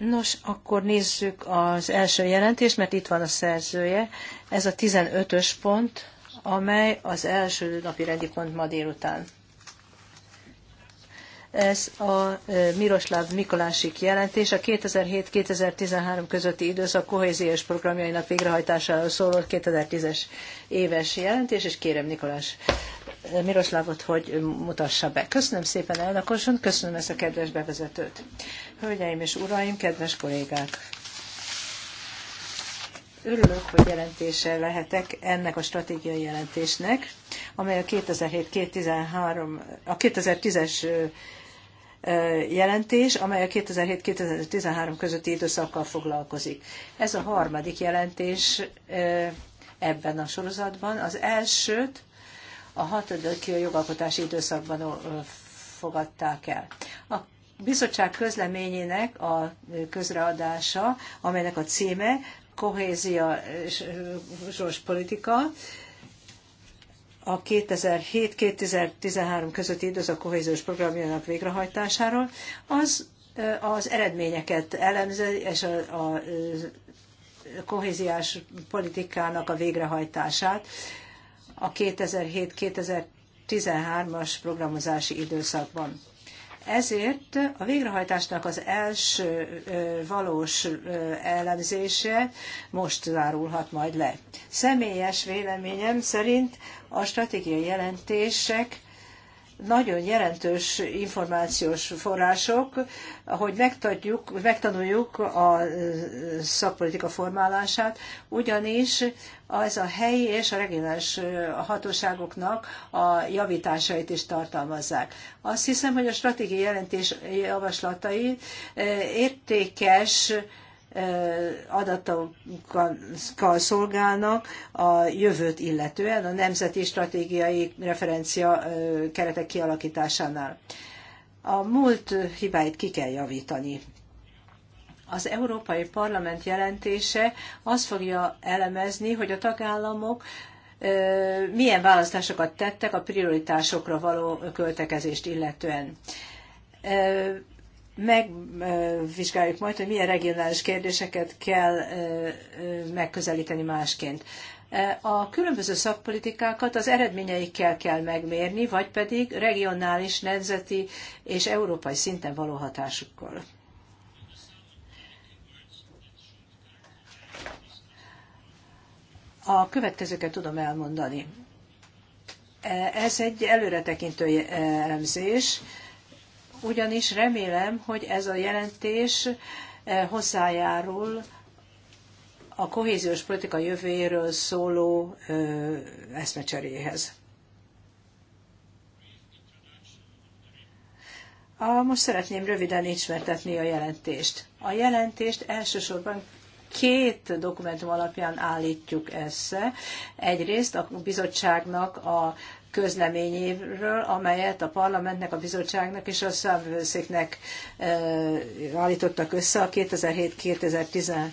Nos, akkor nézzük az első jelentést, mert itt van a szerzője. Ez a 15-ös pont, amely az első napi rendi pont ma délután. Ez a Miroslav Mikolásik jelentés, a 2007-2013 közötti időszak kohéziós programjainak végrehajtásáról szóló 2010-es éves jelentés, és kérem Nikolás Miroslavot, hogy mutassa be. Köszönöm szépen, elnök úr, köszönöm ezt a kedves bevezetőt. Hölgyeim és uraim, kedves kollégák! Örülök, hogy jelentése lehetek ennek a stratégiai jelentésnek, amely a 2007-2013, a 2010-es jelentés, amely a 2007-2013 közötti időszakkal foglalkozik. Ez a harmadik jelentés ebben a sorozatban. Az elsőt a hatodik jogalkotási időszakban fogadták el. A bizottság közleményének a közreadása, amelynek a címe kohéziós politika, a 2007-2013 közötti időszak kohéziós programjának végrehajtásáról, az az eredményeket elemzi, és a, a kohéziás politikának a végrehajtását a 2007-2013-as programozási időszakban. Ezért a végrehajtásnak az első valós elemzése most zárulhat majd le. Személyes véleményem szerint a stratégiai jelentések nagyon jelentős információs források, hogy megtanuljuk a e, szakpolitika formálását, ugyanis ez a helyi és a regionális e, hatóságoknak a javításait is tartalmazzák. Azt hiszem, hogy a stratégiai jelentés javaslatai e, értékes adatokkal szolgálnak a jövőt illetően a nemzeti stratégiai referencia keretek kialakításánál. A múlt hibáit ki kell javítani. Az Európai Parlament jelentése azt fogja elemezni, hogy a tagállamok milyen választásokat tettek a prioritásokra való költekezést illetően megvizsgáljuk majd, hogy milyen regionális kérdéseket kell megközelíteni másként. A különböző szakpolitikákat az eredményeikkel kell megmérni, vagy pedig regionális, nemzeti és európai szinten való hatásukkal. A következőket tudom elmondani. Ez egy előretekintő elemzés ugyanis remélem, hogy ez a jelentés eh, hozzájárul a kohéziós politika jövőjéről szóló eh, eszmecseréhez. A, most szeretném röviden ismertetni a jelentést. A jelentést elsősorban két dokumentum alapján állítjuk össze. Egyrészt a bizottságnak a közleményéről, amelyet a parlamentnek, a bizottságnak és a számvőszéknek eh, állítottak össze a 2007-2013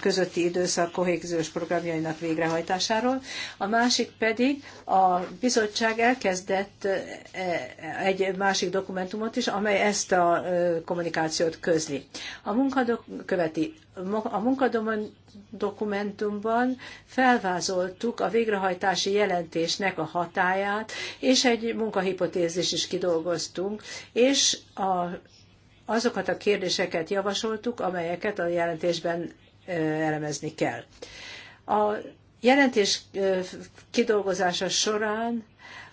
közötti időszak kohéziós programjainak végrehajtásáról. A másik pedig a bizottság elkezdett eh, egy másik dokumentumot is, amely ezt a eh, kommunikációt közli. A munkadok követi a munkadokumentumban felvázoltuk a végrehajtási jelentésnek a hatáját, és egy munkahipotézis is kidolgoztunk, és a, azokat a kérdéseket javasoltuk, amelyeket a jelentésben elemezni kell. A jelentés kidolgozása során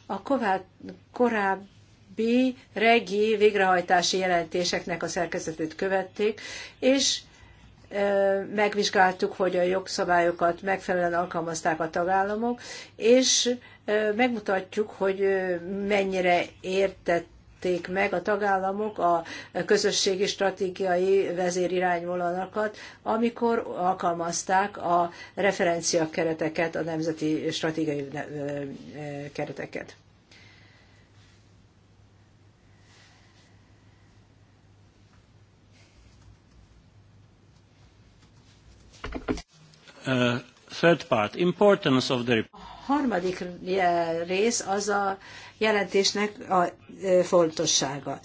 a korábbi korábbi regi végrehajtási jelentéseknek a szerkezetét követték, és megvizsgáltuk, hogy a jogszabályokat megfelelően alkalmazták a tagállamok, és megmutatjuk, hogy mennyire értették meg a tagállamok a közösségi stratégiai vezérirányvonalakat, amikor alkalmazták a referenciakereteket, a nemzeti stratégiai kereteket. Uh, third part, importance of the... harmadik rész az a jelentésnek a uh, fontossága.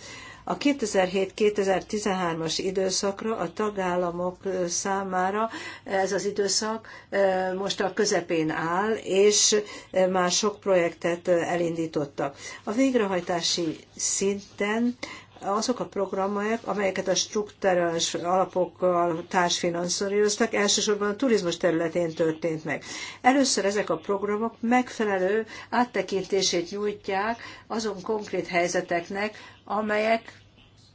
A 2007-2013-as időszakra a tagállamok uh, számára ez az időszak most a közepén áll, és már sok projektet elindítottak. A végrehajtási szinten azok a programok, amelyeket a struktúrális alapokkal társfinanszíroztak, elsősorban a turizmus területén történt meg. Először ezek a programok megfelelő áttekintését nyújtják azon konkrét helyzeteknek, amelyek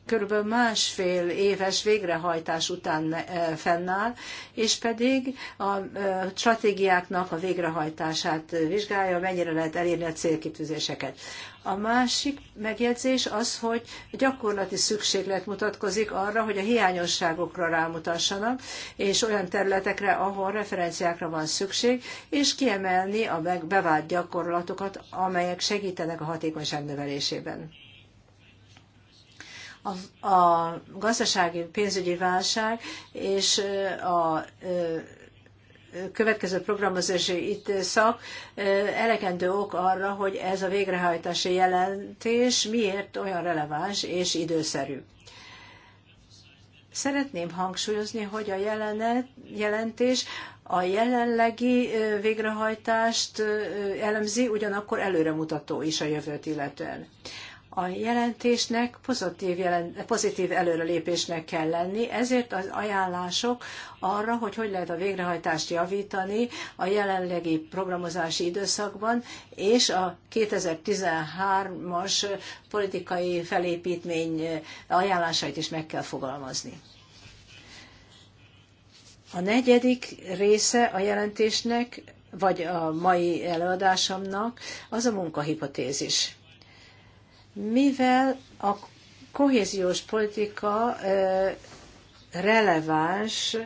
körülbelül másfél éves végrehajtás után eh, fennáll, és pedig a eh, stratégiáknak a végrehajtását vizsgálja, mennyire lehet elérni a célkitűzéseket. A másik megjegyzés az, hogy gyakorlati szükséglet mutatkozik arra, hogy a hiányosságokra rámutassanak, és olyan területekre, ahol referenciákra van szükség, és kiemelni a bevált gyakorlatokat, amelyek segítenek a hatékonyság növelésében. A, a gazdasági pénzügyi válság és a következő programozási időszak elegendő ok arra, hogy ez a végrehajtási jelentés miért olyan releváns és időszerű. Szeretném hangsúlyozni, hogy a jelenet, jelentés a jelenlegi végrehajtást elemzi, ugyanakkor előremutató is a jövőt illetően a jelentésnek pozitív, jelent, pozitív előrelépésnek kell lenni, ezért az ajánlások arra, hogy hogy lehet a végrehajtást javítani a jelenlegi programozási időszakban, és a 2013-as politikai felépítmény ajánlásait is meg kell fogalmazni. A negyedik része a jelentésnek, vagy a mai előadásomnak, az a munkahipotézis mivel a kohéziós politika releváns,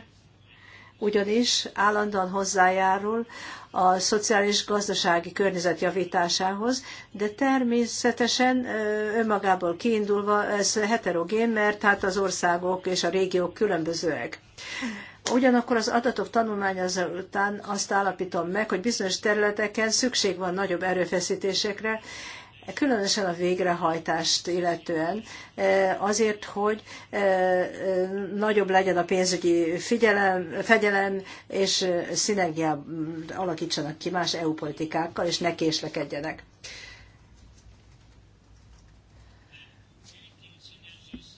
ugyanis állandóan hozzájárul a szociális gazdasági környezet javításához, de természetesen önmagából kiindulva ez heterogén, mert hát az országok és a régiók különbözőek. Ugyanakkor az adatok tanulmányozása után azt állapítom meg, hogy bizonyos területeken szükség van nagyobb erőfeszítésekre, különösen a végrehajtást illetően, eh, azért, hogy eh, eh, nagyobb legyen a pénzügyi figyelem, fegyelem, és szinergia alakítsanak ki más EU politikákkal, és ne késlekedjenek.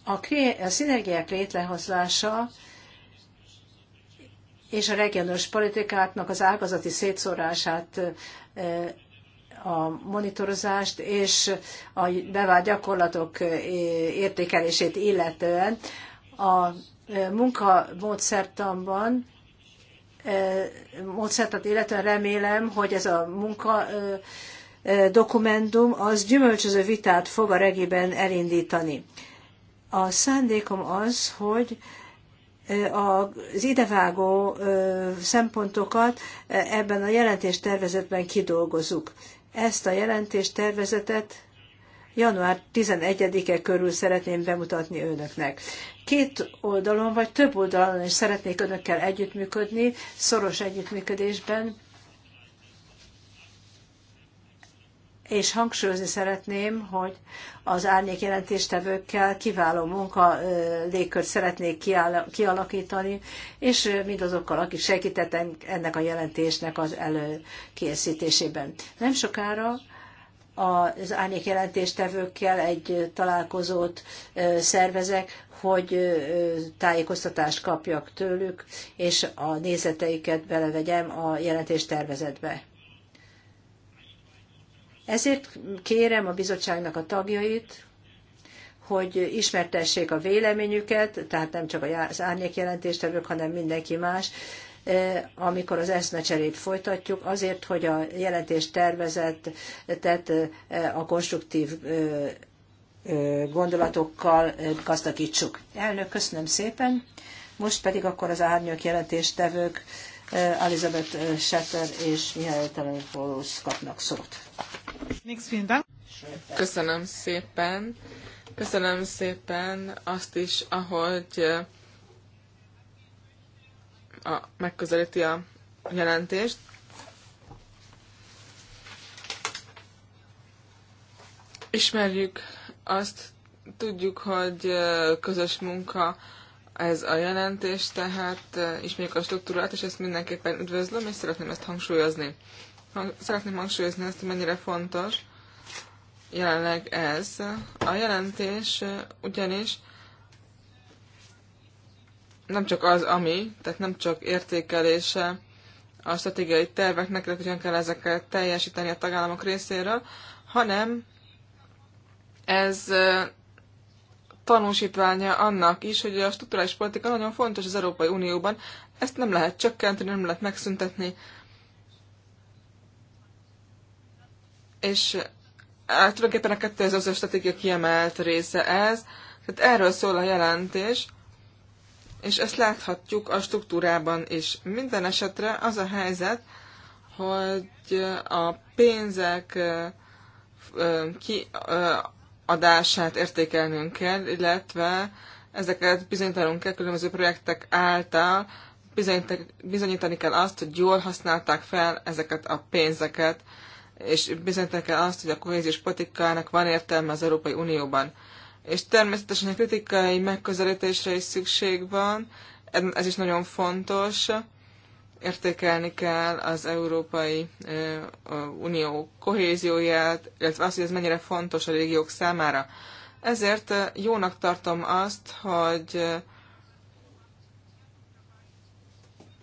A, a szinergiák létrehozása és a regionális politikáknak az ágazati szétszórását a monitorozást és a bevált gyakorlatok e, értékelését illetően a e, munkamódszertanban e, módszertat illetően remélem, hogy ez a munka dokumentum az gyümölcsöző vitát fog a regiben elindítani. A szándékom az, hogy az idevágó szempontokat ebben a jelentéstervezetben kidolgozzuk. Ezt a jelentést tervezetet január 11-e körül szeretném bemutatni önöknek. Két oldalon vagy több oldalon is szeretnék önökkel együttműködni, szoros együttműködésben, és hangsúlyozni szeretném, hogy az árnyék jelentéstevőkkel kiváló munka légkört szeretnék kialakítani, és mindazokkal, akik segítettek ennek a jelentésnek az előkészítésében. Nem sokára az árnyék jelentéstevőkkel egy találkozót szervezek, hogy tájékoztatást kapjak tőlük, és a nézeteiket belevegyem a jelentés tervezetbe ezért kérem a bizottságnak a tagjait, hogy ismertessék a véleményüket, tehát nem csak az árnyék jelentéstevők, hanem mindenki más, eh, amikor az eszmecserét folytatjuk, azért, hogy a jelentés tervezetet eh, a konstruktív eh, gondolatokkal gazdagítsuk. Elnök, köszönöm szépen. Most pedig akkor az árnyék jelentéstevők Eh, Elizabeth eh, Shatter és Mihály Telenopoulos kapnak szót. Köszönöm szépen. Köszönöm szépen azt is, ahogy eh, a, megközelíti a jelentést. Ismerjük azt, tudjuk, hogy közös munka ez a jelentés, tehát ismerjük a struktúrát, és ezt mindenképpen üdvözlöm, és szeretném ezt hangsúlyozni. Szeretném hangsúlyozni ezt, hogy mennyire fontos jelenleg ez. A jelentés ugyanis nem csak az, ami, tehát nem csak értékelése a stratégiai terveknek, hogy hogyan kell ezeket teljesíteni a tagállamok részéről, hanem ez tanúsítványa annak is, hogy a strukturális politika nagyon fontos az Európai Unióban. Ezt nem lehet csökkenteni, nem lehet megszüntetni. És hát, tulajdonképpen a az stratégia kiemelt része ez. Tehát erről szól a jelentés, és ezt láthatjuk a struktúrában is. Minden esetre az a helyzet, hogy a pénzek e, e, ki, adását értékelnünk kell, illetve ezeket bizonyítanunk kell különböző projektek által, bizonyítani kell azt, hogy jól használták fel ezeket a pénzeket, és bizonyítani kell azt, hogy a kohéziós politikának van értelme az Európai Unióban. És természetesen a kritikai megközelítésre is szükség van, ez is nagyon fontos, értékelni kell az Európai Unió kohézióját, illetve azt, hogy ez mennyire fontos a régiók számára. Ezért jónak tartom azt, hogy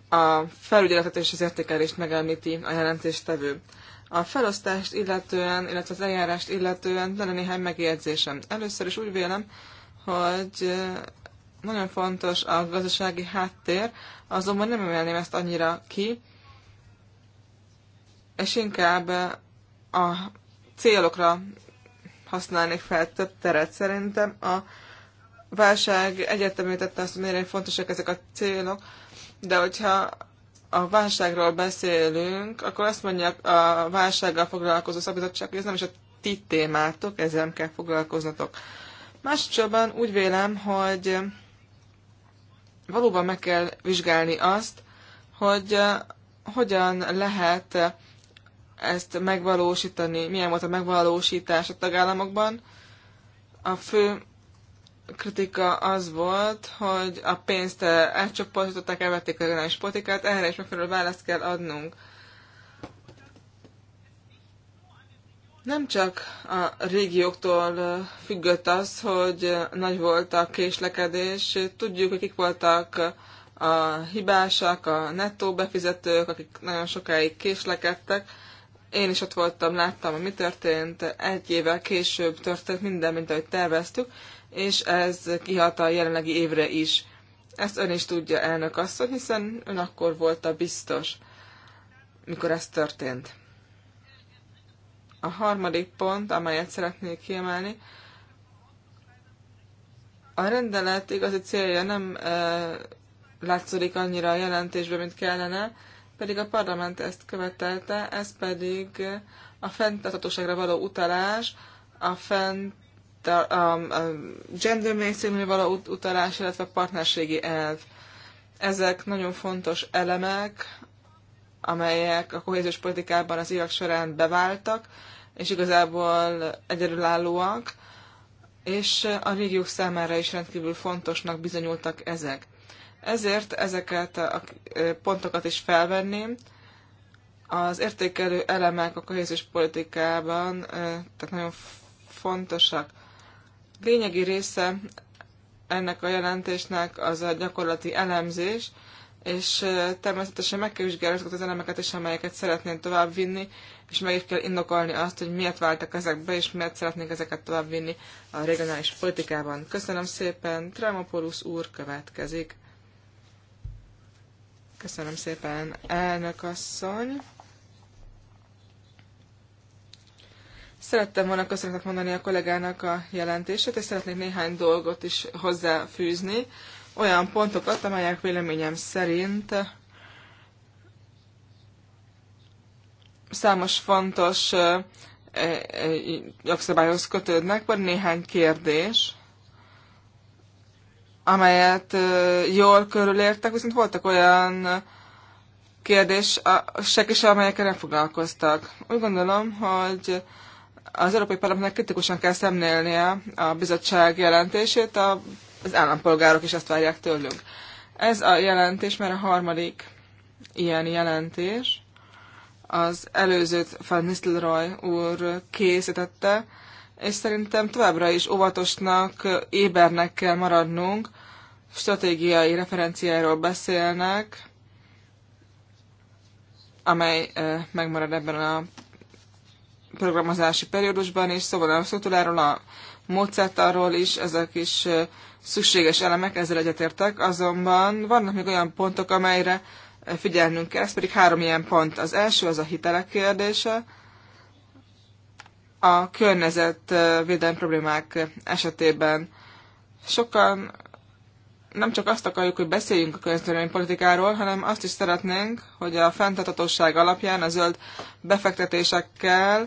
a felügyeletet és az értékelést megelmíti a jelentéstevő. A felosztást illetően, illetve az eljárást illetően lenne néhány megjegyzésem. Először is úgy vélem, hogy nagyon fontos a gazdasági háttér, azonban nem emelném ezt annyira ki, és inkább a célokra használni fel több teret. Szerintem a válság tette azt, hogy miért fontosak ezek a célok, de hogyha a válságról beszélünk, akkor azt mondják a válsággal foglalkozó szabadság, hogy ez nem is a ti témátok, ezzel nem kell foglalkoznatok. Másodszorban úgy vélem, hogy valóban meg kell vizsgálni azt, hogy eh, hogyan lehet eh, ezt megvalósítani, milyen volt a megvalósítás a tagállamokban. A fő kritika az volt, hogy a pénzt eh, elcsoportították, elvették a regionális politikát, erre is megfelelő választ kell adnunk. Nem csak a régióktól függött az, hogy nagy volt a késlekedés, tudjuk, hogy kik voltak a hibásak, a nettó befizetők, akik nagyon sokáig késlekedtek. Én is ott voltam, láttam, hogy mi történt. Egy évvel később történt minden, mint ahogy terveztük, és ez kihat a jelenlegi évre is. Ezt ön is tudja, elnök asszony, hiszen ön akkor volt a biztos, mikor ez történt. A harmadik pont, amelyet szeretnék kiemelni, a rendelet igazi célja nem e, látszik annyira a jelentésben, mint kellene, pedig a parlament ezt követelte, ez pedig a fenntarthatóságra való utalás, a, fent, a, a, a gender mainstreamre való utalás, illetve a partnerségi elv. Ezek nagyon fontos elemek, amelyek a kohéziós politikában az évek során beváltak, és igazából egyedülállóak, és a régiók számára is rendkívül fontosnak bizonyultak ezek. Ezért ezeket a pontokat is felvenném. Az értékelő elemek a kohéziós politikában tehát nagyon fontosak. Lényegi része ennek a jelentésnek az a gyakorlati elemzés, és természetesen meg kell vizsgálni azokat az elemeket is, amelyeket szeretném továbbvinni, és meg kell indokolni azt, hogy miért váltak ezek be, és miért szeretnék ezeket továbbvinni a regionális politikában. Köszönöm szépen, Tremopolus úr következik. Köszönöm szépen, elnök asszony. Szerettem volna köszönetet mondani a kollégának a jelentését, és szeretnék néhány dolgot is hozzáfűzni, olyan pontokat, amelyek véleményem szerint számos fontos jogszabályhoz kötődnek. Van néhány kérdés, amelyet jól körülértek, viszont voltak olyan kérdések is, amelyekkel nem foglalkoztak. Úgy gondolom, hogy az Európai Parlamentnek kritikusan kell szemlélnie a bizottság jelentését, az állampolgárok is ezt várják tőlünk. Ez a jelentés mert a harmadik ilyen jelentés az előzőt Van Nistelrooy úr készítette, és szerintem továbbra is óvatosnak, ébernek kell maradnunk, stratégiai referenciáról beszélnek, amely eh, megmarad ebben a programozási periódusban, is, szóval a szoktuláról, a módszertáról is, ezek is eh, szükséges elemek, ezzel egyetértek, azonban vannak még olyan pontok, amelyre figyelnünk kell, ez pedig három ilyen pont. Az első az a hitelek kérdése, a védelmi problémák esetében. Sokan nem csak azt akarjuk, hogy beszéljünk a környezetvédelmi politikáról, hanem azt is szeretnénk, hogy a fenntartatosság alapján a zöld befektetésekkel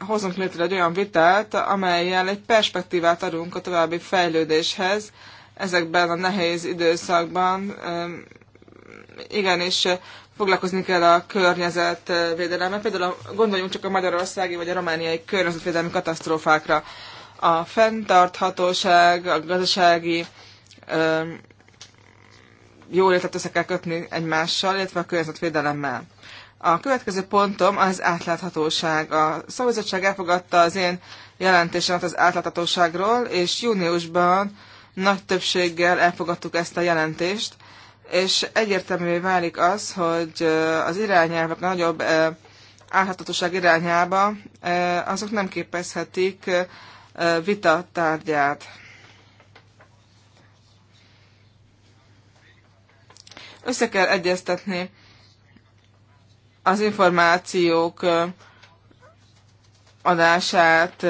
hozunk létre egy olyan vitát, amelyel egy perspektívát adunk a további fejlődéshez ezekben a nehéz időszakban, igen és foglalkozni kell a környezetvédelemmel. Például gondoljunk csak a magyarországi vagy a romániai környezetvédelmi katasztrófákra. A fenntarthatóság, a gazdasági jólétet össze kell kötni egymással, illetve a környezetvédelemmel. A következő pontom az átláthatóság. A szakbizottság elfogadta az én jelentésemet az átláthatóságról, és júniusban nagy többséggel elfogadtuk ezt a jelentést és egyértelművé válik az, hogy az irányelvek nagyobb állhatatosság irányába azok nem képezhetik vita tárgyát. Össze kell egyeztetni az információk adását,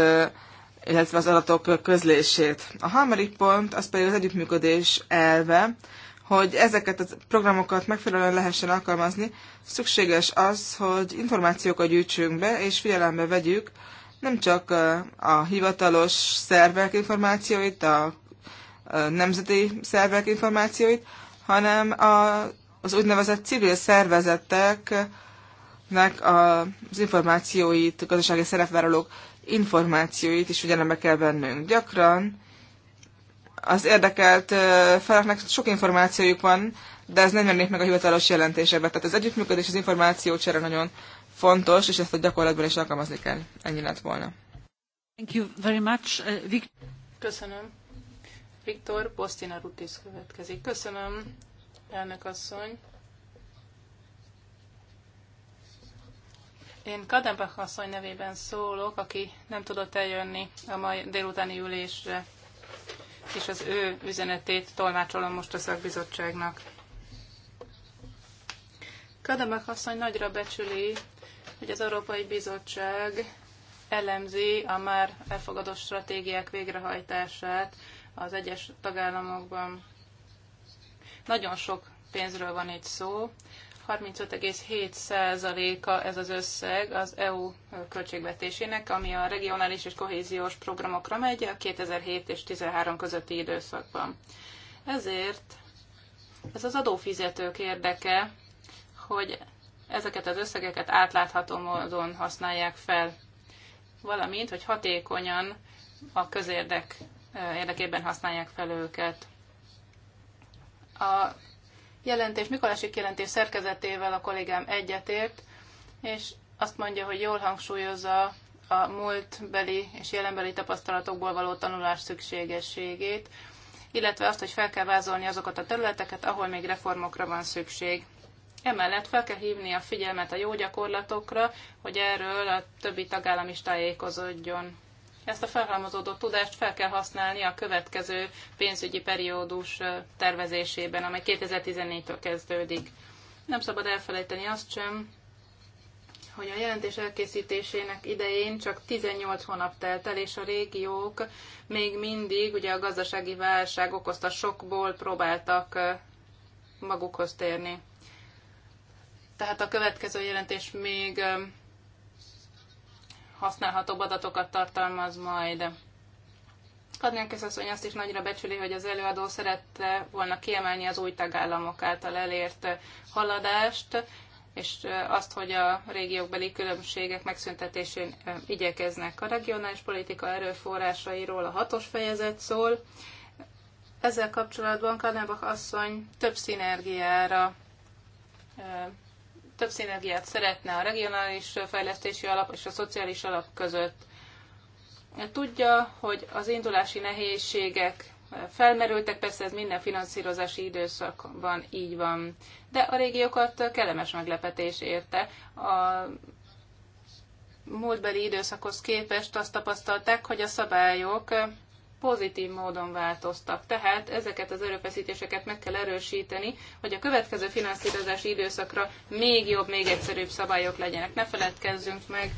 illetve az adatok közlését. A harmadik pont az pedig az együttműködés elve hogy ezeket a programokat megfelelően lehessen alkalmazni, szükséges az, hogy információkat gyűjtsünk be, és figyelembe vegyük nem csak a hivatalos szervek információit, a nemzeti szervek információit, hanem az úgynevezett civil szervezeteknek az információit, gazdasági szerepvállalók információit is figyelembe kell vennünk. Gyakran az érdekelt feleknek sok információjuk van, de ez nem jelenik meg a hivatalos jelentésebe. Tehát az együttműködés, az információ csere nagyon fontos, és ezt a gyakorlatban is alkalmazni kell. Ennyi lett volna. Thank you very much. Uh, Vic- Köszönöm. Viktor Bostina Rutis következik. Köszönöm, elnök asszony. Én Kadenbach asszony nevében szólok, aki nem tudott eljönni a mai délutáni ülésre és az ő üzenetét tolmácsolom most a szakbizottságnak. Kademek asszony nagyra becsüli, hogy az Európai Bizottság elemzi a már elfogadott stratégiák végrehajtását az egyes tagállamokban. Nagyon sok pénzről van itt szó, 35,7%-a ez az összeg az EU költségvetésének, ami a regionális és kohéziós programokra megy a 2007 és 2013 közötti időszakban. Ezért ez az adófizetők érdeke, hogy ezeket az összegeket átlátható módon használják fel, valamint, hogy hatékonyan a közérdek eh, érdekében használják fel őket. A jelentés, Mikolási jelentés szerkezetével a kollégám egyetért, és azt mondja, hogy jól hangsúlyozza a múltbeli és jelenbeli tapasztalatokból való tanulás szükségességét, illetve azt, hogy fel kell vázolni azokat a területeket, ahol még reformokra van szükség. Emellett fel kell hívni a figyelmet a jó gyakorlatokra, hogy erről a többi tagállam is tájékozódjon ezt a felhalmozódó tudást fel kell használni a következő pénzügyi periódus tervezésében, amely 2014-től kezdődik. Nem szabad elfelejteni azt sem, hogy a jelentés elkészítésének idején csak 18 hónap telt el, és a régiók még mindig ugye a gazdasági válság okozta sokból próbáltak magukhoz térni. Tehát a következő jelentés még használhatóbb adatokat tartalmaz majd. Kadnánkész asszony azt is nagyra becsüli, hogy az előadó szerette volna kiemelni az új tagállamok által elért haladást, és azt, hogy a régiókbeli különbségek megszüntetésén igyekeznek. A regionális politika erőforrásairól a hatos fejezet szól. Ezzel kapcsolatban Kadenbach asszony több szinergiára több szinergiát szeretne a regionális fejlesztési alap és a szociális alap között. Tudja, hogy az indulási nehézségek felmerültek, persze ez minden finanszírozási időszakban így van, de a régiókat kellemes meglepetés érte. A múltbeli időszakhoz képest azt tapasztalták, hogy a szabályok pozitív módon változtak. Tehát ezeket az erőfeszítéseket meg kell erősíteni, hogy a következő finanszírozási időszakra még jobb, még egyszerűbb szabályok legyenek. Ne feledkezzünk meg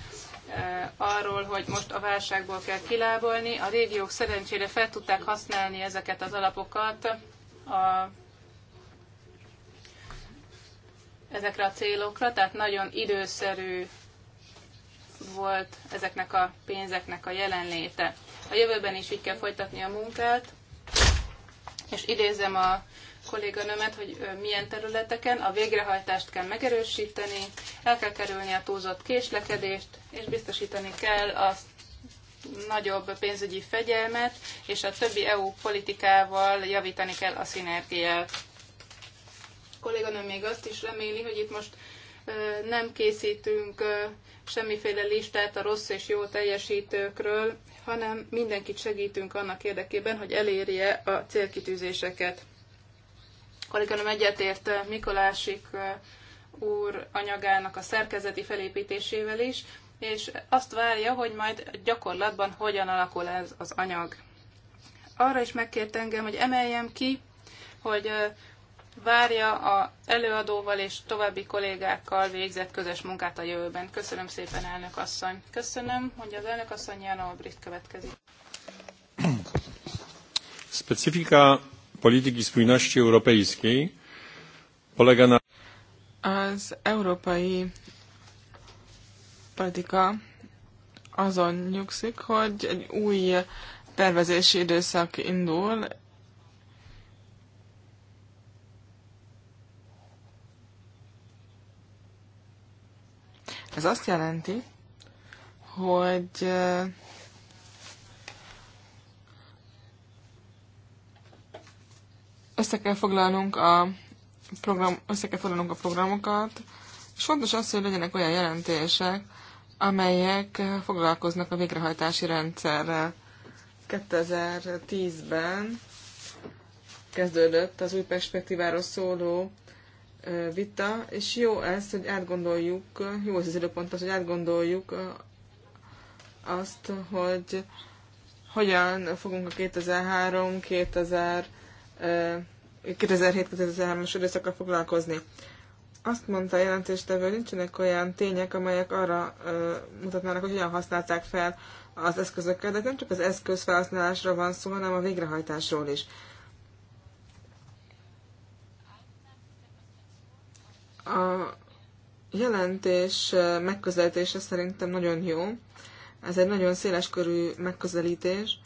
eh, arról, hogy most a válságból kell kilábolni. A régiók szerencsére fel tudták használni ezeket az alapokat a, ezekre a célokra, tehát nagyon időszerű volt ezeknek a pénzeknek a jelenléte. A jövőben is így kell folytatni a munkát, és idézem a kolléganőmet, hogy milyen területeken a végrehajtást kell megerősíteni, el kell kerülni a túlzott késlekedést, és biztosítani kell a nagyobb pénzügyi fegyelmet, és a többi EU politikával javítani kell a szinergiát. A kolléganőm még azt is reméli, hogy itt most nem készítünk semmiféle listát a rossz és jó teljesítőkről, hanem mindenkit segítünk annak érdekében, hogy elérje a célkitűzéseket. Kolléganom egyetért Mikolásik eh, úr anyagának a szerkezeti felépítésével is, és azt várja, hogy majd gyakorlatban hogyan alakul ez az anyag. Arra is megkért engem, hogy emeljem ki, hogy eh, várja a előadóval és további kollégákkal végzett közös munkát a jövőben. Köszönöm szépen, elnök asszony. Köszönöm, Hogy az elnök asszony, Jan Albrecht következik. Specifika politiki spójności europejskiej polega na... Az európai politika azon nyugszik, hogy egy új tervezési időszak indul, Ez azt jelenti, hogy össze kell foglalnunk a, program, össze kell foglalnunk a programokat, és fontos az, hogy legyenek olyan jelentések, amelyek foglalkoznak a végrehajtási rendszerrel. 2010-ben kezdődött az új perspektíváról szóló vita, és jó ez, hogy átgondoljuk, jó ez az időpont az, hogy átgondoljuk azt, hogy hogyan fogunk a 2003 2000 2007-2003-as időszakkal foglalkozni. Azt mondta a jelentéstevő, hogy nincsenek olyan tények, amelyek arra ö, mutatnának, hogy hogyan használták fel az eszközöket, de nem csak az eszköz felhasználásra van szó, hanem a végrehajtásról is. A jelentés megközelítése szerintem nagyon jó. Ez egy nagyon széleskörű megközelítés,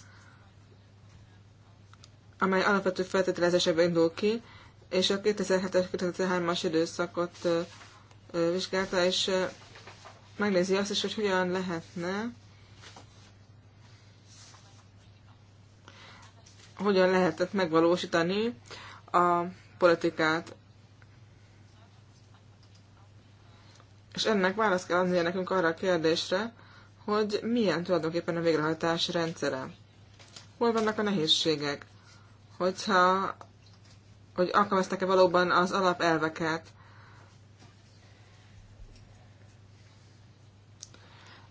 amely alapvető feltételezésekből indul ki, és a 2007 2003-as időszakot vizsgálta, és megnézi azt is, hogy hogyan lehetne hogyan lehetett megvalósítani a politikát. És ennek választ kell adnia nekünk arra a kérdésre, hogy milyen tulajdonképpen a végrehajtás rendszere. Hol vannak a nehézségek? Hogyha, hogy alkalmazták-e valóban az alapelveket?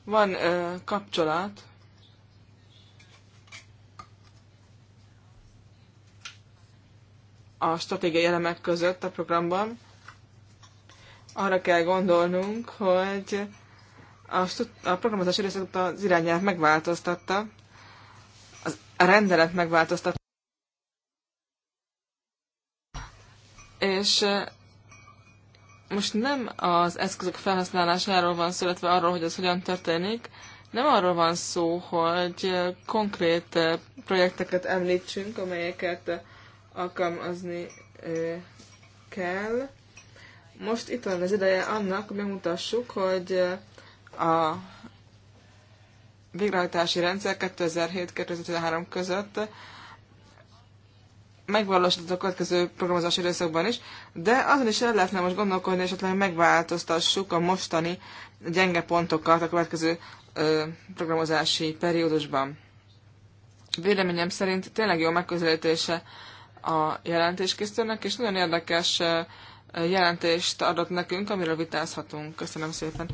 Van ö, kapcsolat a stratégiai elemek között a programban, arra kell gondolnunk, hogy a, a programozási részlet az irányát megváltoztatta, az, a rendelet megváltoztatta, és most nem az eszközök felhasználásáról van szó, illetve arról, hogy ez hogyan történik, nem arról van szó, hogy konkrét projekteket említsünk, amelyeket alkalmazni kell, most itt van az ideje annak, hogy bemutassuk, hogy a végrehajtási rendszer 2007-2013 között megvalósított a következő programozási időszakban is, de azon is el lehetne most gondolkodni, és esetleg megváltoztassuk a mostani gyenge pontokat a következő ö, programozási periódusban. Véleményem szerint tényleg jó megközelítése a jelentéskészítőnek, és nagyon érdekes jelentést adott nekünk, amiről vitázhatunk. Köszönöm szépen.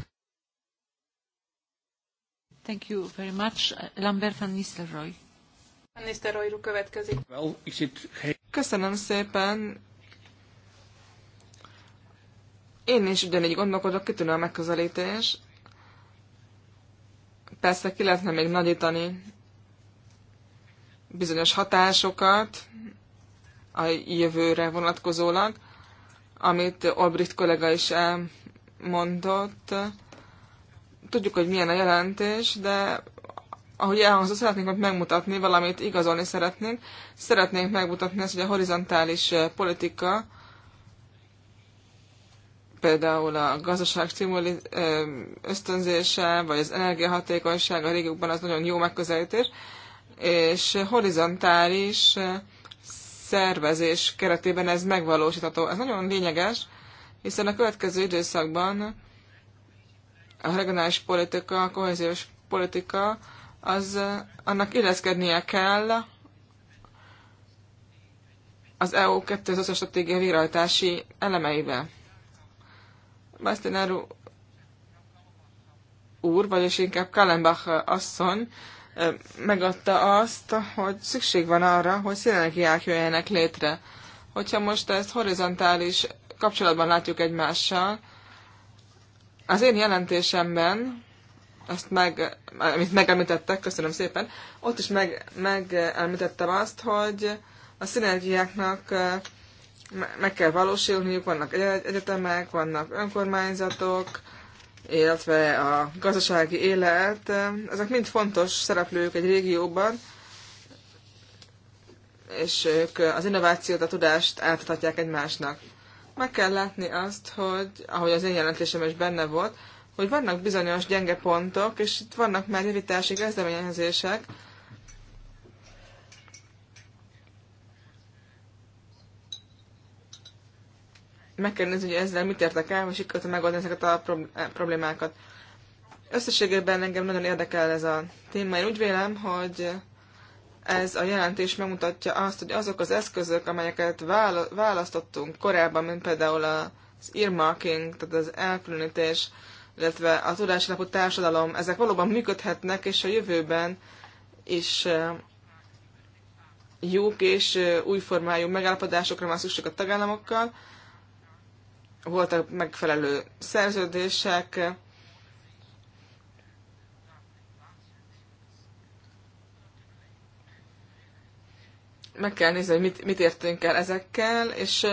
Thank you very much. Lambert van Nistelrooy. Van Nistelrooy következik. Well, is it... Köszönöm szépen. Én is ugyanígy gondolkodok, kitűnő a megközelítés. Persze ki lehetne még nagyítani bizonyos hatásokat a jövőre vonatkozólag, amit Albrit kollega is elmondott. Tudjuk, hogy milyen a jelentés, de ahogy elhangzott, szeretnénk megmutatni, valamit igazolni szeretnénk. Szeretnénk megmutatni ezt, hogy a horizontális politika, például a gazdaság stimuli ösztönzése, vagy az energiahatékonyság a régiókban az nagyon jó megközelítés, és horizontális szervezés keretében ez megvalósítható. Ez nagyon lényeges, hiszen a következő időszakban a regionális politika, a kohéziós politika, az annak illeszkednie kell az EU 2020 stratégia végrehajtási elemeivel. Bastinero úr, vagyis inkább Kallenbach asszony megadta azt, hogy szükség van arra, hogy szinergiák jöjjenek létre. Hogyha most ezt horizontális kapcsolatban látjuk egymással, az én jelentésemben, azt meg, amit megemlítettek, köszönöm szépen, ott is meg, megemlítettem azt, hogy a szinergiáknak meg kell valósulniuk, vannak egyetemek, vannak önkormányzatok, illetve a gazdasági élet, ezek mind fontos szereplők egy régióban, és ők az innovációt, a tudást átadhatják egymásnak. Meg kell látni azt, hogy, ahogy az én jelentésem is benne volt, hogy vannak bizonyos gyenge pontok, és itt vannak már javítási kezdeményezések, meg kell nézni, hogy ezzel mit értek el, és itt megoldani ezeket a eh, problémákat. Összességében engem nagyon érdekel ez a téma. Én úgy vélem, hogy ez a jelentés megmutatja azt, hogy azok az eszközök, amelyeket választottunk korábban, mint például az earmarking, tehát az elkülönítés, illetve a tudásalapú társadalom, ezek valóban működhetnek, és a jövőben is eh, jók és eh, új formájú megállapodásokra van szükség a tagállamokkal, voltak megfelelő szerződések, meg kell nézni, hogy mit, mit értünk el ezekkel, és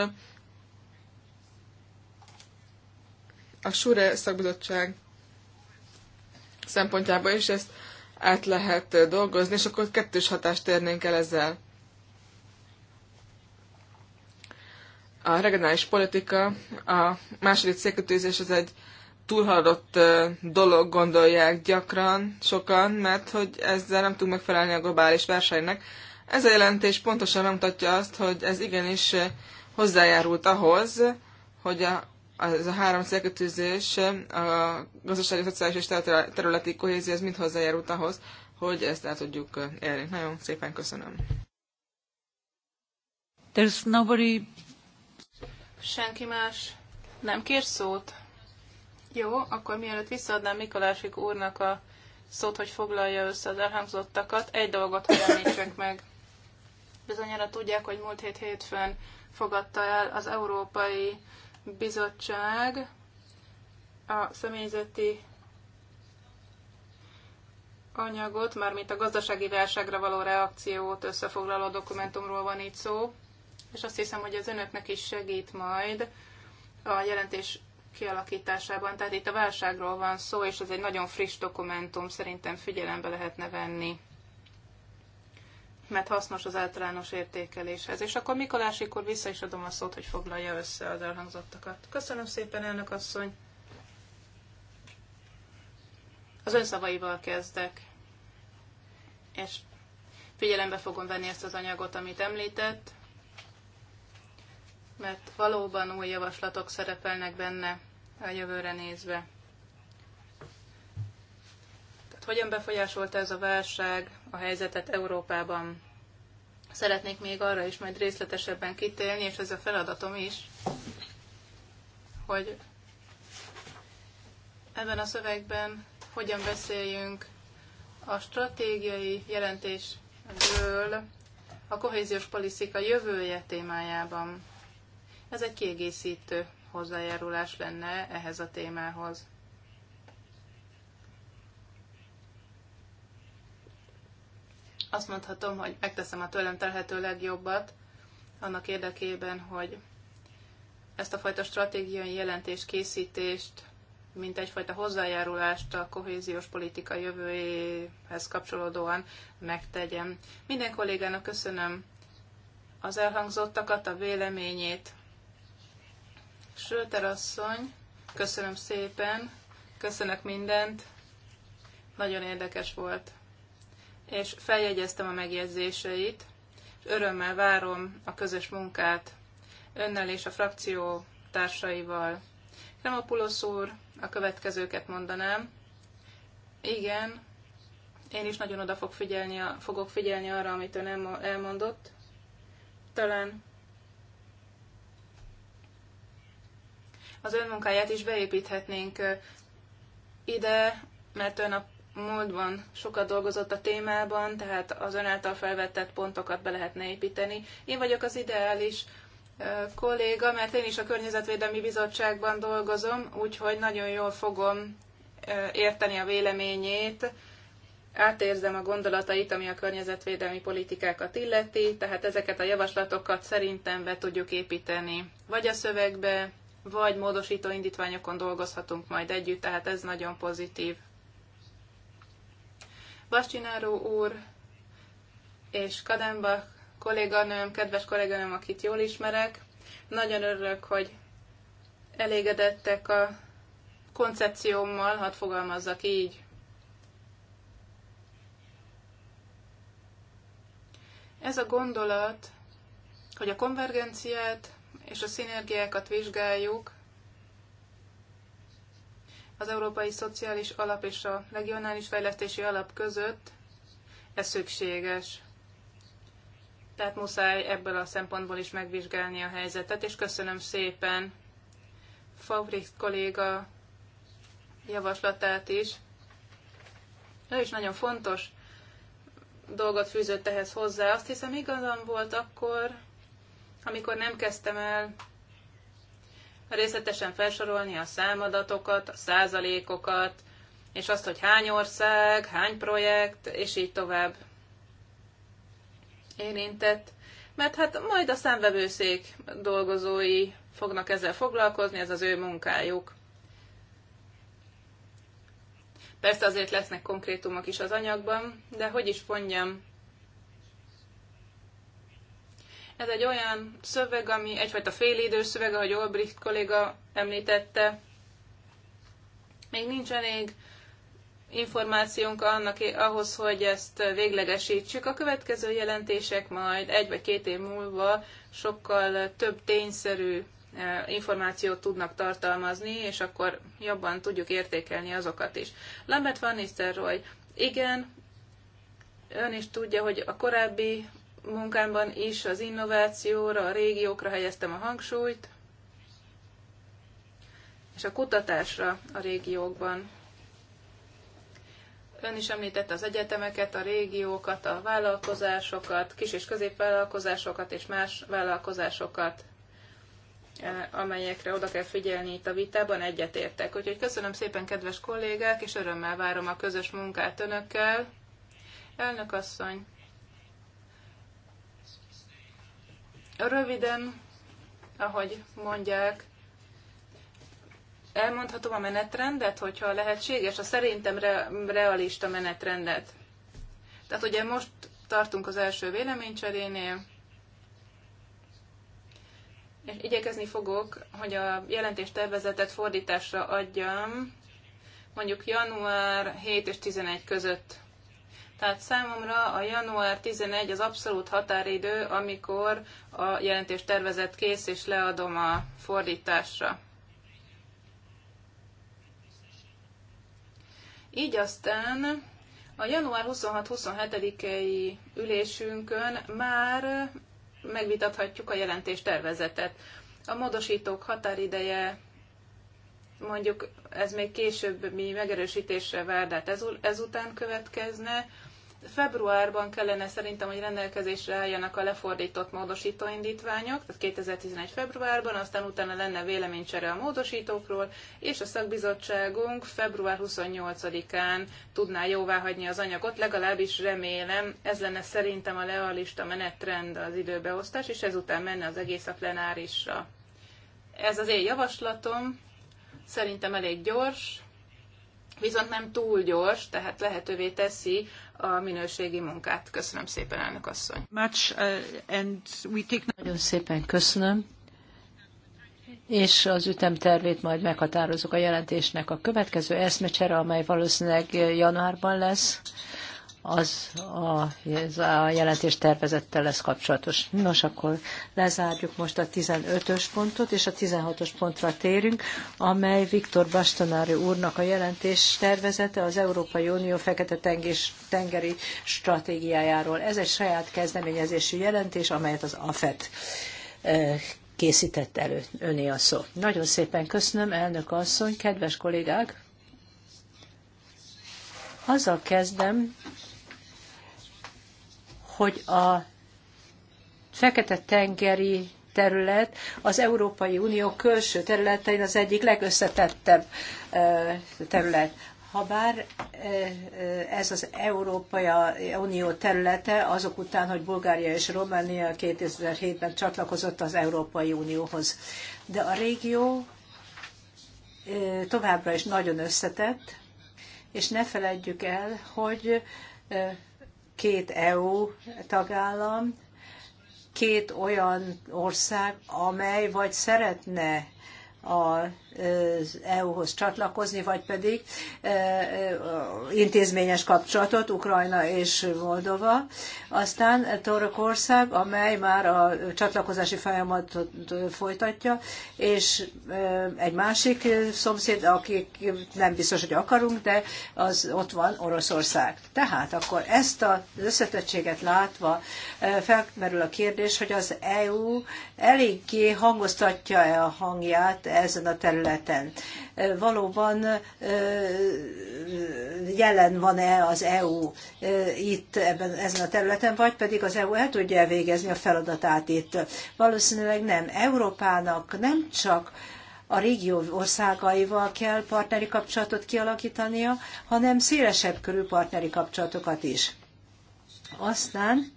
a SURE szakbizottság szempontjából is ezt át lehet dolgozni, és akkor kettős hatást érnénk el ezzel. A regionális politika, a második célkötőzés az egy túlhaladott dolog, gondolják gyakran sokan, mert hogy ezzel nem tudunk megfelelni a globális versenynek. Ez a jelentés pontosan megmutatja azt, hogy ez igenis hozzájárult ahhoz, hogy a, ez a három célkötőzés, a gazdasági, szociális és területi kohézió, ez mind hozzájárult ahhoz, hogy ezt el tudjuk érni. Nagyon szépen köszönöm. There's nobody Senki más nem kér szót? Jó, akkor mielőtt visszaadnám Mikolásik úrnak a szót, hogy foglalja össze az elhangzottakat, egy dolgot említsünk meg. Bizonyára tudják, hogy múlt hét hétfőn fogadta el az Európai Bizottság a személyzeti anyagot, mármint a gazdasági válságra való reakciót összefoglaló dokumentumról van itt szó és azt hiszem, hogy az önöknek is segít majd a jelentés kialakításában. Tehát itt a válságról van szó, és ez egy nagyon friss dokumentum, szerintem figyelembe lehetne venni mert hasznos az általános értékeléshez. És akkor Mikolásikor vissza is adom a szót, hogy foglalja össze az elhangzottakat. Köszönöm szépen, elnök asszony! Az ön szavaival kezdek, és figyelembe fogom venni ezt az anyagot, amit említett, mert valóban új javaslatok szerepelnek benne a jövőre nézve. Tehát hogyan befolyásolta ez a válság a helyzetet Európában? Szeretnék még arra is majd részletesebben kitélni, és ez a feladatom is, hogy ebben a szövegben hogyan beszéljünk a stratégiai jelentésről a kohéziós politika jövője témájában. Ez egy kiegészítő hozzájárulás lenne ehhez a témához. Azt mondhatom, hogy megteszem a tőlem telhető legjobbat annak érdekében, hogy ezt a fajta stratégiai jelentés készítést, mint egyfajta hozzájárulást a kohéziós politika jövőjéhez kapcsolódóan megtegyem. Minden kollégának köszönöm az elhangzottakat, a véleményét, Schröter asszony, köszönöm szépen, köszönök mindent, nagyon érdekes volt. És feljegyeztem a megjegyzéseit, és örömmel várom a közös munkát önnel és a frakció társaival. a úr, a következőket mondanám. Igen, én is nagyon oda fog figyelni, fogok figyelni arra, amit ön elmondott. Talán az önmunkáját is beépíthetnénk ide, mert ön a múltban sokat dolgozott a témában, tehát az ön által felvetett pontokat be lehetne építeni. Én vagyok az ideális kolléga, mert én is a Környezetvédelmi Bizottságban dolgozom, úgyhogy nagyon jól fogom érteni a véleményét, átérzem a gondolatait, ami a környezetvédelmi politikákat illeti, tehát ezeket a javaslatokat szerintem be tudjuk építeni, vagy a szövegbe, vagy módosító indítványokon dolgozhatunk majd együtt, tehát ez nagyon pozitív. Bastináró úr és Kadembach kolléganőm, kedves kolléganőm, akit jól ismerek, nagyon örülök, hogy elégedettek a koncepciómmal, hadd fogalmazzak így. Ez a gondolat, hogy a konvergenciát és a szinergiákat vizsgáljuk az Európai Szociális Alap és a Regionális Fejlesztési Alap között, ez szükséges. Tehát muszáj ebből a szempontból is megvizsgálni a helyzetet, és köszönöm szépen Favrik kolléga javaslatát is. Ő is nagyon fontos dolgot fűzött ehhez hozzá. Azt hiszem igazán volt akkor, amikor nem kezdtem el részletesen felsorolni a számadatokat, a százalékokat, és azt, hogy hány ország, hány projekt, és így tovább érintett. Mert hát majd a számvevőszék dolgozói fognak ezzel foglalkozni, ez az ő munkájuk. Persze azért lesznek konkrétumok is az anyagban, de hogy is mondjam, Ez egy olyan szöveg, ami egyfajta félidős szöveg, ahogy Olbricht kolléga említette. Még nincs elég információnk annak, ahhoz, hogy ezt véglegesítsük. A következő jelentések majd egy vagy két év múlva sokkal több tényszerű e, információt tudnak tartalmazni, és akkor jobban tudjuk értékelni azokat is. Lambert van Nistelrooy, igen, ön is tudja, hogy a korábbi munkámban is az innovációra, a régiókra helyeztem a hangsúlyt, és a kutatásra a régiókban. Ön is említette az egyetemeket, a régiókat, a vállalkozásokat, kis- és középvállalkozásokat és más vállalkozásokat, eh, amelyekre oda kell figyelni itt a vitában, egyetértek. Úgyhogy köszönöm szépen, kedves kollégák, és örömmel várom a közös munkát önökkel. Elnök asszony, Röviden, ahogy mondják, elmondhatom a menetrendet, hogyha lehetséges, a szerintem re- realista menetrendet. Tehát ugye most tartunk az első véleménycserénél, és igyekezni fogok, hogy a jelentéstervezetet fordításra adjam, mondjuk január 7 és 11 között tehát számomra a január 11 az abszolút határidő, amikor a jelentés tervezet kész, és leadom a fordításra. Így aztán a január 26-27-i ülésünkön már megvitathatjuk a jelentés tervezetet. A módosítók határideje mondjuk ez még később mi megerősítésre vár, de hát ezután következne. Februárban kellene szerintem, hogy rendelkezésre álljanak a lefordított módosítóindítványok, indítványok, tehát 2011. februárban, aztán utána lenne véleménycsere a módosítókról, és a szakbizottságunk február 28-án tudná jóváhagyni az anyagot, legalábbis remélem, ez lenne szerintem a lealista menetrend az időbeosztás, és ezután menne az egész a plenárisra. Ez az én javaslatom, szerintem elég gyors, viszont nem túl gyors, tehát lehetővé teszi a minőségi munkát. Köszönöm szépen, elnök asszony. Much, uh, and we take... Nagyon szépen köszönöm és az ütemtervét majd meghatározok a jelentésnek. A következő eszmecsere, amely valószínűleg januárban lesz, az a, a jelentés tervezettel lesz kapcsolatos. Nos, akkor lezárjuk most a 15-ös pontot, és a 16-os pontra térünk, amely Viktor Bastonári úrnak a jelentés tervezete az Európai Unió Fekete-tengeri stratégiájáról. Ez egy saját kezdeményezésű jelentés, amelyet az AFET eh, készített elő. Öné a szó. Nagyon szépen köszönöm, elnök asszony, kedves kollégák! Azzal kezdem, hogy a Fekete-tengeri terület az Európai Unió külső területein az egyik legösszetettebb terület. Habár ez az Európai Unió területe azok után, hogy Bulgária és Románia 2007-ben csatlakozott az Európai Unióhoz. De a régió továbbra is nagyon összetett, és ne feledjük el, hogy két EU tagállam, két olyan ország, amely vagy szeretne a az EU-hoz csatlakozni, vagy pedig intézményes kapcsolatot Ukrajna és Moldova. Aztán Törökország, amely már a csatlakozási folyamatot folytatja, és egy másik szomszéd, akik nem biztos, hogy akarunk, de az ott van Oroszország. Tehát akkor ezt az összetettséget látva felmerül a kérdés, hogy az EU eléggé hangoztatja-e a hangját ezen a területen területen. Valóban jelen van-e az EU itt ebben, ezen a területen, vagy pedig az EU el tudja végezni a feladatát itt. Valószínűleg nem. Európának nem csak a régió országaival kell partneri kapcsolatot kialakítania, hanem szélesebb körű partneri kapcsolatokat is. Aztán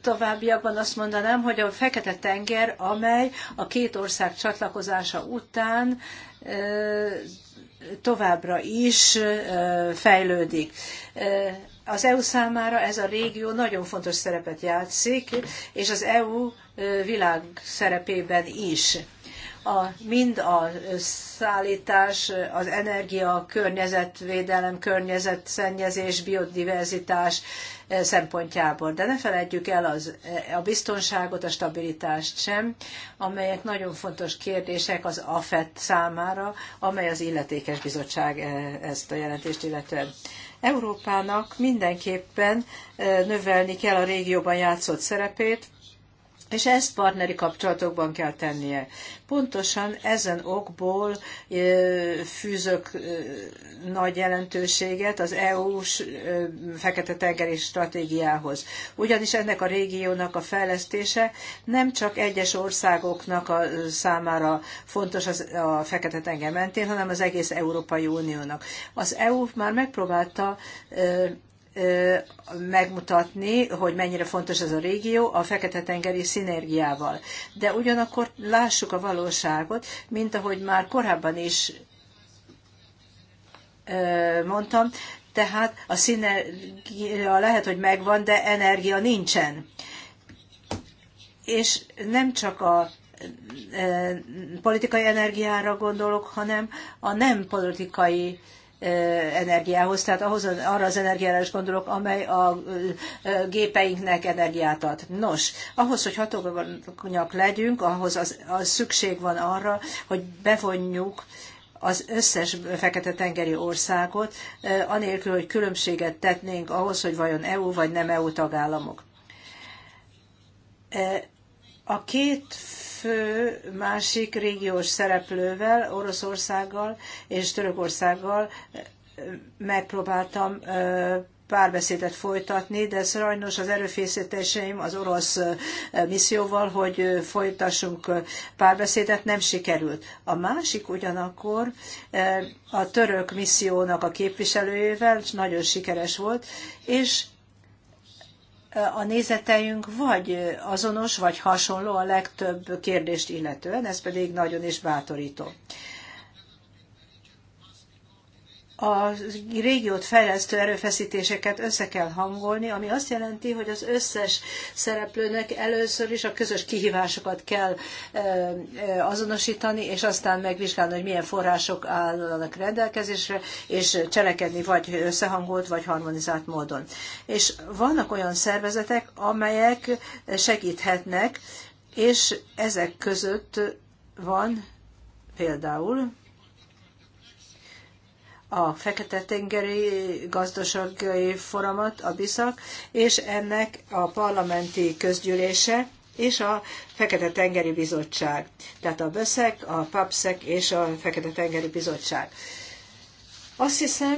továbbiakban azt mondanám, hogy a Fekete-tenger, amely a két ország csatlakozása után továbbra is fejlődik. Az EU számára ez a régió nagyon fontos szerepet játszik, és az EU világ szerepében is. A, mind a szállítás, az energia, környezetvédelem, környezetszennyezés, biodiverzitás szempontjából. De ne feledjük el az, a biztonságot, a stabilitást sem, amelyek nagyon fontos kérdések az AFET számára, amely az illetékes bizottság e, ezt a jelentést illetően. Európának mindenképpen e, növelni kell a régióban játszott szerepét, és ezt partneri kapcsolatokban kell tennie. Pontosan ezen okból fűzök nagy jelentőséget az EU-s Fekete-tengeri stratégiához. Ugyanis ennek a régiónak a fejlesztése nem csak egyes országoknak a számára fontos az, a Fekete-tenger mentén, hanem az egész Európai Uniónak. Az EU már megpróbálta megmutatni, hogy mennyire fontos ez a régió a Fekete-tengeri szinergiával. De ugyanakkor lássuk a valóságot, mint ahogy már korábban is mondtam, tehát a szinergia lehet, hogy megvan, de energia nincsen. És nem csak a politikai energiára gondolok, hanem a nem politikai energiához, tehát ahhoz, arra az energiára is gondolok, amely a gépeinknek energiát ad. Nos, ahhoz, hogy hatókonyak legyünk, ahhoz az, az szükség van arra, hogy bevonjuk az összes Fekete-tengeri országot, anélkül, hogy különbséget tetnénk ahhoz, hogy vajon EU vagy nem EU tagállamok. A két fő másik régiós szereplővel, Oroszországgal és Törökországgal megpróbáltam párbeszédet folytatni, de sajnos az erőfészítéseim az orosz misszióval, hogy folytassunk párbeszédet, nem sikerült. A másik ugyanakkor a török missziónak a képviselőjével nagyon sikeres volt, és a nézeteink vagy azonos, vagy hasonló a legtöbb kérdést illetően, ez pedig nagyon is bátorító a régiót fejlesztő erőfeszítéseket össze kell hangolni, ami azt jelenti, hogy az összes szereplőnek először is a közös kihívásokat kell azonosítani, és aztán megvizsgálni, hogy milyen források állnak rendelkezésre, és cselekedni vagy összehangolt, vagy harmonizált módon. És vannak olyan szervezetek, amelyek segíthetnek, és ezek között van például a Fekete-tengeri gazdasági foramat a BISZAK, és ennek a parlamenti közgyűlése, és a Fekete-tengeri bizottság. Tehát a BÖSZEK, a PAPSZEK és a Fekete-tengeri bizottság. Azt hiszem,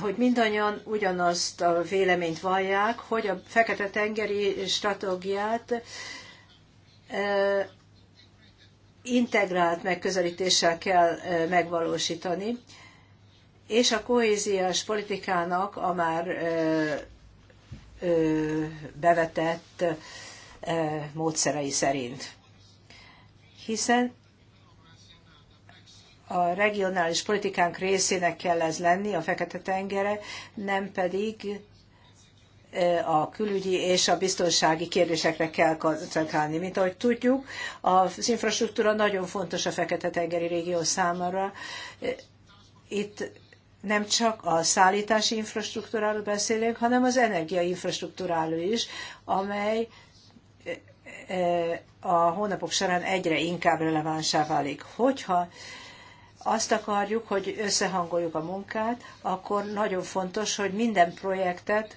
hogy mindannyian ugyanazt a véleményt vallják, hogy a Fekete-tengeri stratégiát integrált megközelítéssel kell megvalósítani, és a kohéziós politikának a már bevetett módszerei szerint. Hiszen a regionális politikánk részének kell ez lenni, a Fekete-tengere, nem pedig a külügyi és a biztonsági kérdésekre kell koncentrálni. Mint ahogy tudjuk, az infrastruktúra nagyon fontos a Fekete-tengeri régió számára. Itt nem csak a szállítási infrastruktúráról beszélünk, hanem az infrastruktúráról is, amely eh, a hónapok során egyre inkább relevánsá válik. Hogyha azt akarjuk, hogy összehangoljuk a munkát, akkor nagyon fontos, hogy minden projektet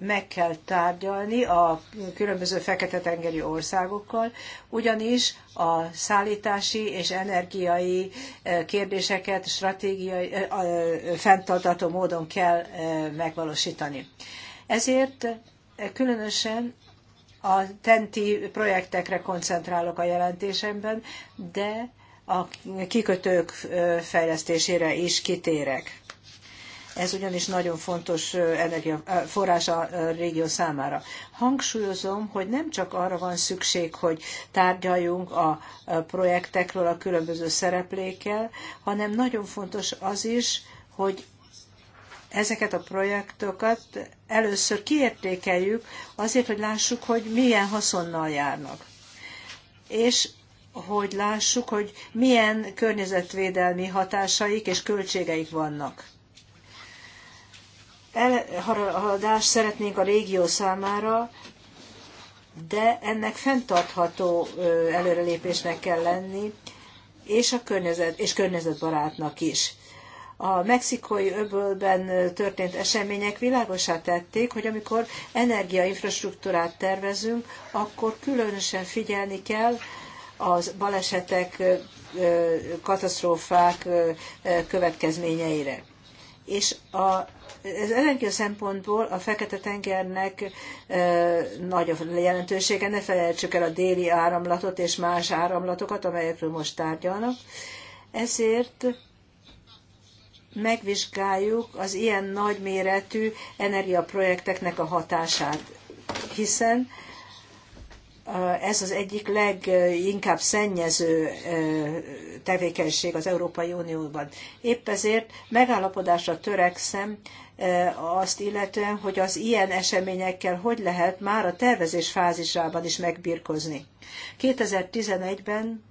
meg kell tárgyalni a különböző fekete-tengeri országokkal, ugyanis a szállítási és energiai eh, kérdéseket stratégiai, eh, eh, fenntartató módon kell megvalósítani. Ezért különösen a tenti projektekre koncentrálok a jelentésemben, de a kikötők fejlesztésére is kitérek. Ez ugyanis nagyon fontos forrás a régió számára. Hangsúlyozom, hogy nem csak arra van szükség, hogy tárgyaljunk a projektekről a különböző szereplékkel, hanem nagyon fontos az is, hogy ezeket a projektokat először kiértékeljük, azért, hogy lássuk, hogy milyen haszonnal járnak. És hogy lássuk, hogy milyen környezetvédelmi hatásaik és költségeik vannak elhaladást szeretnénk a régió számára, de ennek fenntartható előrelépésnek kell lenni, és a környezet, és környezetbarátnak is. A mexikói öbölben történt események világosá tették, hogy amikor energiainfrastruktúrát tervezünk, akkor különösen figyelni kell az balesetek, katasztrófák következményeire. És a ez a szempontból a Fekete-tengernek nagy a jelentősége, ne felejtsük el a déli áramlatot és más áramlatokat, amelyekről most tárgyalnak. Ezért megvizsgáljuk az ilyen nagyméretű energiaprojekteknek a hatását, hiszen ez az egyik leginkább szennyező tevékenység az Európai Unióban. Épp ezért megállapodásra törekszem azt illetően, hogy az ilyen eseményekkel hogy lehet már a tervezés fázisában is megbirkozni. 2011-ben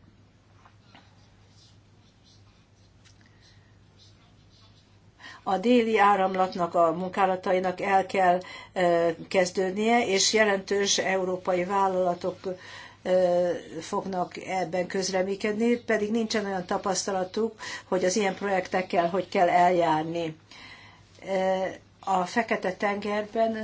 A déli áramlatnak a munkálatainak el kell kezdődnie, és jelentős európai vállalatok fognak ebben közreműködni, pedig nincsen olyan tapasztalatuk, hogy az ilyen projektekkel hogy kell eljárni. A Fekete-tengerben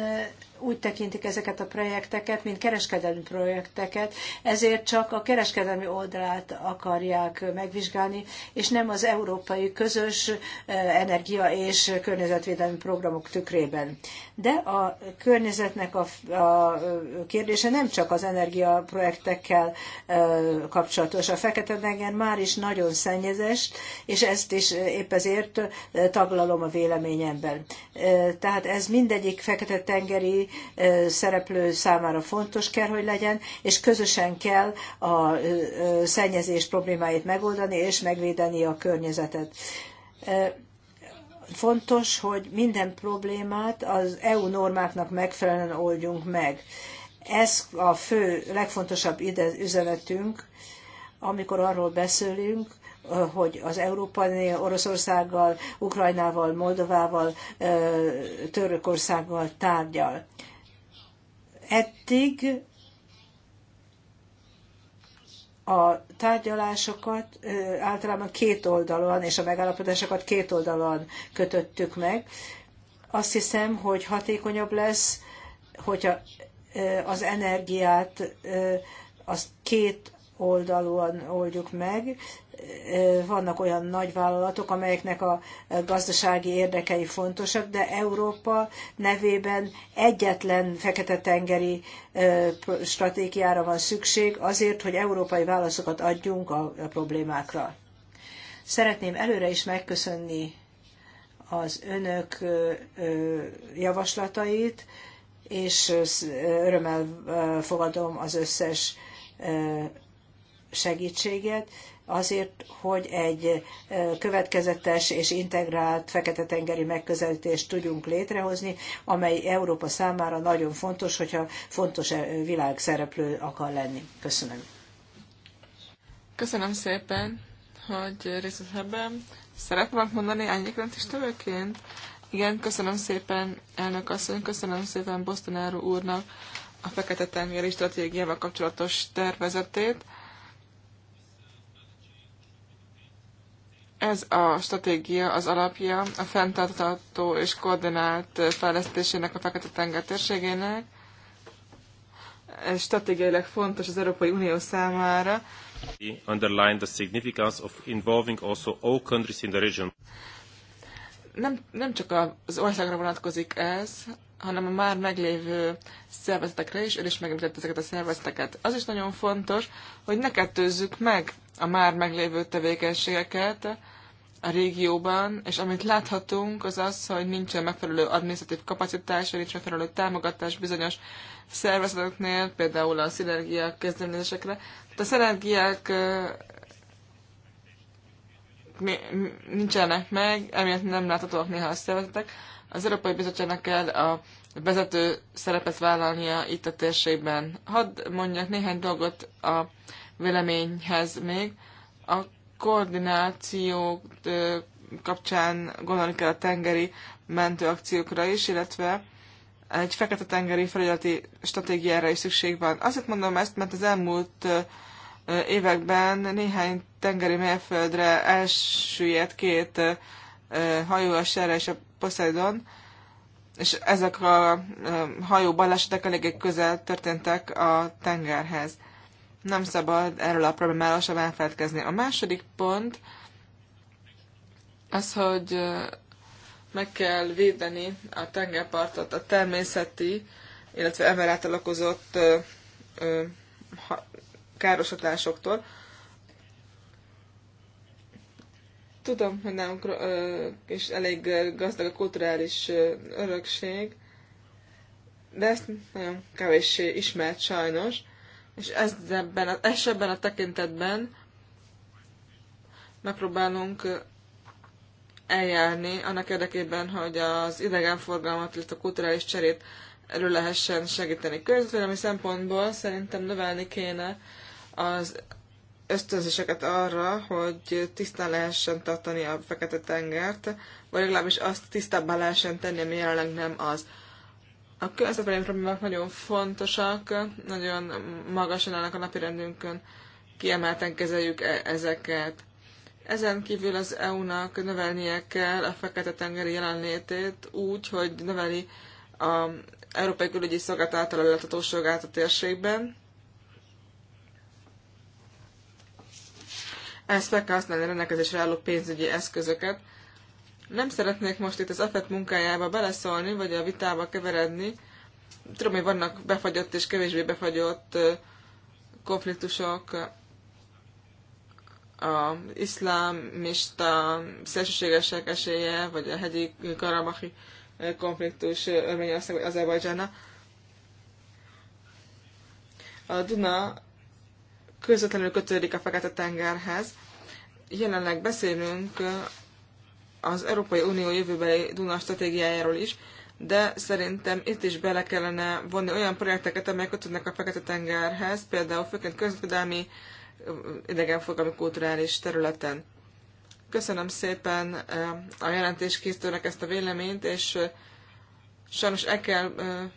úgy tekintik ezeket a projekteket, mint kereskedelmi projekteket, ezért csak a kereskedelmi oldalát akarják megvizsgálni, és nem az európai közös eh, energia és környezetvédelmi programok tükrében. De a környezetnek a, a eh, kérdése nem csak az energiaprojektekkel eh, kapcsolatos. A Fekete-tenger már is nagyon szennyezes, és ezt is épp ezért taglalom a véleményemben. Tehát ez mindegyik Fekete-tengeri szereplő számára fontos kell, hogy legyen, és közösen kell a szennyezés problémáit megoldani és megvédeni a környezetet fontos, hogy minden problémát az EU normáknak megfelelően oldjunk meg. Ez a fő, legfontosabb üzenetünk, amikor arról beszélünk, hogy az Európai Oroszországgal, Ukrajnával, Moldovával, Törökországgal tárgyal. Eddig a tárgyalásokat általában két oldalon, és a megállapodásokat két oldalon kötöttük meg. Azt hiszem, hogy hatékonyabb lesz, hogyha az energiát az két oldalon oldjuk meg, vannak olyan nagyvállalatok, amelyeknek a gazdasági érdekei fontosak, de Európa nevében egyetlen fekete-tengeri stratégiára van szükség azért, hogy európai válaszokat adjunk a problémákra. Szeretném előre is megköszönni az önök javaslatait, és örömmel fogadom az összes segítséget azért, hogy egy következetes és integrált fekete-tengeri megközelítést tudjunk létrehozni, amely Európa számára nagyon fontos, hogyha fontos világszereplő akar lenni. Köszönöm. Köszönöm szépen, hogy részletebben szeretnék mondani árnyékrendtisztelőként. Igen, köszönöm szépen, elnök asszony, köszönöm szépen Bosztonáró úrnak a fekete tengeri stratégiával kapcsolatos tervezetét. Ez a stratégia az alapja a fenntartható és koordinált fejlesztésének a Fekete-tenger térségének. Ez stratégiailag fontos az Európai Unió számára. Underline the significance of involving also all countries in the region. Nem, nem csak az országra vonatkozik ez, hanem a már meglévő szervezetekre is, ő is megemlített ezeket a szervezeteket. Az is nagyon fontos, hogy ne kettőzzük meg a már meglévő tevékenységeket a régióban, és amit láthatunk, az az, hogy nincsen megfelelő adminisztratív kapacitás, nincs megfelelő támogatás bizonyos szervezeteknél, például a szinergiák kezdeményezésekre. Tehát a szinergiák nincsenek meg, emiatt nem láthatóak néha a szervezetek. Az Európai Bizottságnak kell a vezető szerepet vállalnia itt a térségben. Hadd mondjak néhány dolgot a véleményhez még. A koordináció kapcsán gondolni kell a tengeri mentőakciókra is, illetve egy fekete tengeri felügyeleti stratégiára is szükség van. Azért mondom ezt, mert az elmúlt években néhány tengeri mérföldre elsüllyedt két hajó, a Serra és a Poseidon, és ezek a hajó balesetek eléggé közel történtek a tengerhez nem szabad erről a problémáról sem elfeledkezni. A második pont az, hogy meg kell védeni a tengerpartot a természeti, illetve ember által okozott károsodlásoktól. Tudom, hogy nálunk is elég gazdag a kulturális örökség, de ezt nagyon kevéssé ismert sajnos és ebben, ebben a tekintetben megpróbálunk eljárni annak érdekében, hogy az idegenforgalmat, illetve a kulturális cserét elő lehessen segíteni. Környezetvédelmi szempontból szerintem növelni kéne az ösztönzéseket arra, hogy tisztán lehessen tartani a fekete tengert, vagy legalábbis azt tisztábbá lehessen tenni, ami jelenleg nem az. A közvetlen problémák nagyon fontosak, nagyon magasan állnak a napirendünkön, kiemelten kezeljük e ezeket. Ezen kívül az EU-nak növelnie kell a Fekete-tengeri jelenlétét úgy, hogy növeli a Európai Külügyi Szolgált által a térségben, ezt fel kell használni a rendelkezésre álló pénzügyi eszközöket, nem szeretnék most itt az AFET munkájába beleszólni, vagy a vitába keveredni. Tudom, hogy vannak befagyott és kevésbé befagyott konfliktusok a iszlámista szélsőségesek esélye, vagy a hegyi karabahi konfliktus Örményország vagy Azerbajdzsána. A Duna közvetlenül kötődik a Fekete-tengerhez. Jelenleg beszélünk az Európai Unió jövőbeli Duna stratégiájáról is, de szerintem itt is bele kellene vonni olyan projekteket, amelyek kötődnek a Fekete-tengerhez, például főként közvédelmi, idegenforgalmi kulturális területen. Köszönöm szépen eh, a jelentéskészítőnek ezt a véleményt, és eh, sajnos el kell eh,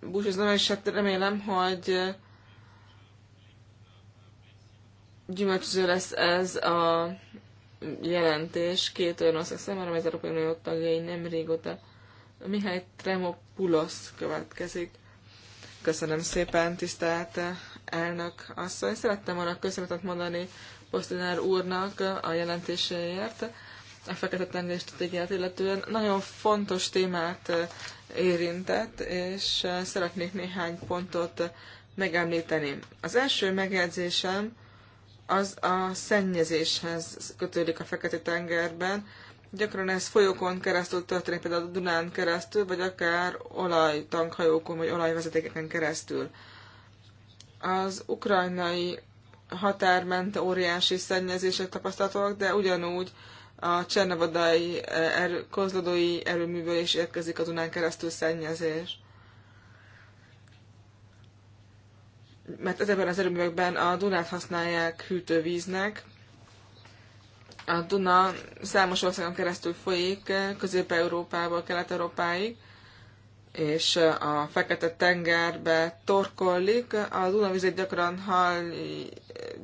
búcsúznom, és hát remélem, hogy gyümölcsöző lesz ez a jelentés két olyan ország számára, amely az Európai Unió tagjai nem régóta. Mihály Tremopulosz következik. Köszönöm szépen, tisztelt elnök asszony. Szerettem volna köszönetet mondani Posztinár úrnak a jelentéséért, a fekete tengeri stratégiát illetően. Nagyon fontos témát érintett, és szeretnék néhány pontot megemlíteni. Az első megjegyzésem az a szennyezéshez kötődik a Fekete-tengerben. Gyakran ez folyókon keresztül történik, például a Dunán keresztül, vagy akár olajtankhajókon, vagy olajvezetékeken keresztül. Az ukrajnai határ óriási szennyezések tapasztalatok, de ugyanúgy a csernavadai erő, kozlodói erőműből is érkezik a Dunán keresztül szennyezés. mert ezekben az erőművekben a Dunát használják hűtővíznek. A Duna számos országon keresztül folyik, Közép-Európából Kelet-Európáig, és a Fekete-tengerbe torkollik. A vizet gyakran, hal,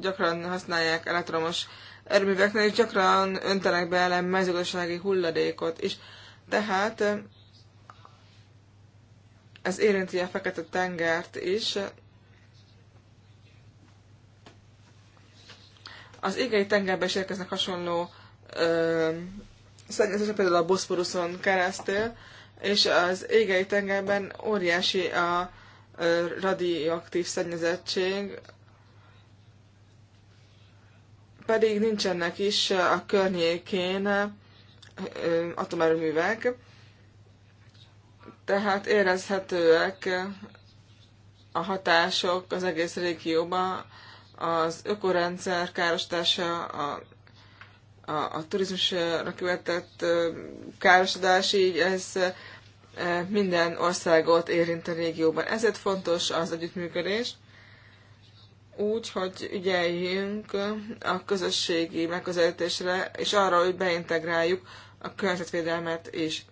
gyakran használják elektromos erőműveknek, és gyakran öntenek be ellen mezőgazdasági hulladékot is. Tehát ez érinti a Fekete-tengert is, Az égei tengerbe is érkeznek hasonló szennyezések, például a Boszporuszon keresztül, és az égei tengerben óriási a radioaktív szennyezettség, pedig nincsenek is a környékén atomerőművek, tehát érezhetőek a hatások az egész régióban, az ökorendszer károsítása, a, a, a turizmusra követett károsodás, így ez minden országot érint a régióban. Ezért fontos az együttműködés, úgy, hogy ügyeljünk a közösségi megközelítésre, és arra, hogy beintegráljuk a környezetvédelmet is.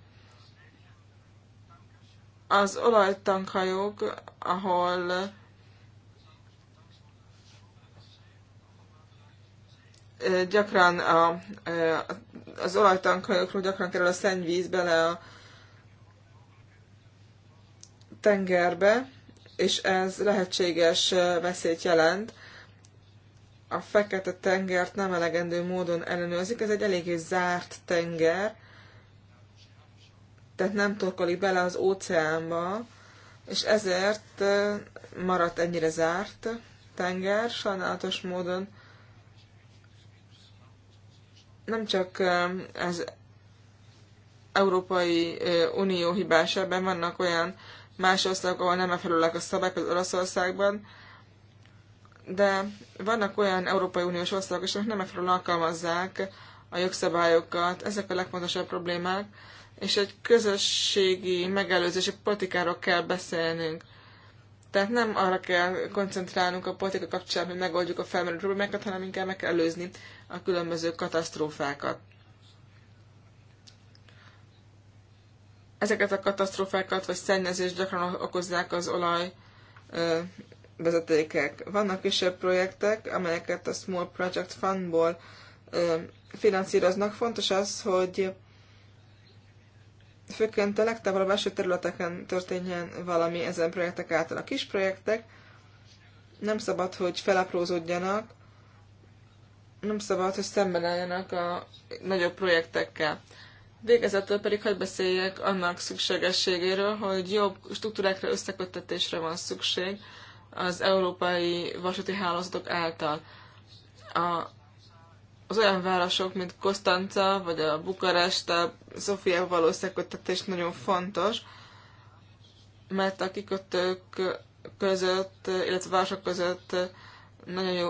Az olajtankhajók, ahol gyakran a, az olajtankajokról gyakran kerül a szennyvíz bele a tengerbe, és ez lehetséges veszélyt jelent. A fekete tengert nem elegendő módon ellenőrzik, ez egy eléggé zárt tenger, tehát nem torkolik bele az óceánba, és ezért maradt ennyire zárt tenger, sajnálatos módon nem csak um, az Európai Unió hibása, ebben vannak olyan más országok, ahol nem megfelelőek a szabályok, például Olaszországban, de vannak olyan Európai Uniós országok is, amik nem megfelelően alkalmazzák a jogszabályokat, ezek a legfontosabb problémák, és egy közösségi megelőzési politikáról kell beszélnünk. Tehát nem arra kell koncentrálnunk a politika kapcsán, hogy megoldjuk a felmerülő problémákat, hanem inkább meg kell előzni a különböző katasztrófákat. Ezeket a katasztrófákat vagy szennyezést gyakran okozzák az olaj vezetékek. Vannak kisebb projektek, amelyeket a Small Project Fundból finanszíroznak. Fontos az, hogy főként a legtávolabb eső területeken történjen valami ezen projektek által. A kis projektek nem szabad, hogy felaprózódjanak, nem szabad, hogy szemben álljanak a nagyobb projektekkel. Végezetül pedig hogy beszéljek annak szükségességéről, hogy jobb struktúrákra összeköttetésre van szükség az európai vasúti hálózatok által. A az olyan városok, mint Kostanca, vagy a Bukarest, a Szofia való összeköttetés nagyon fontos, mert a kikötők között, illetve a városok között nagyon jó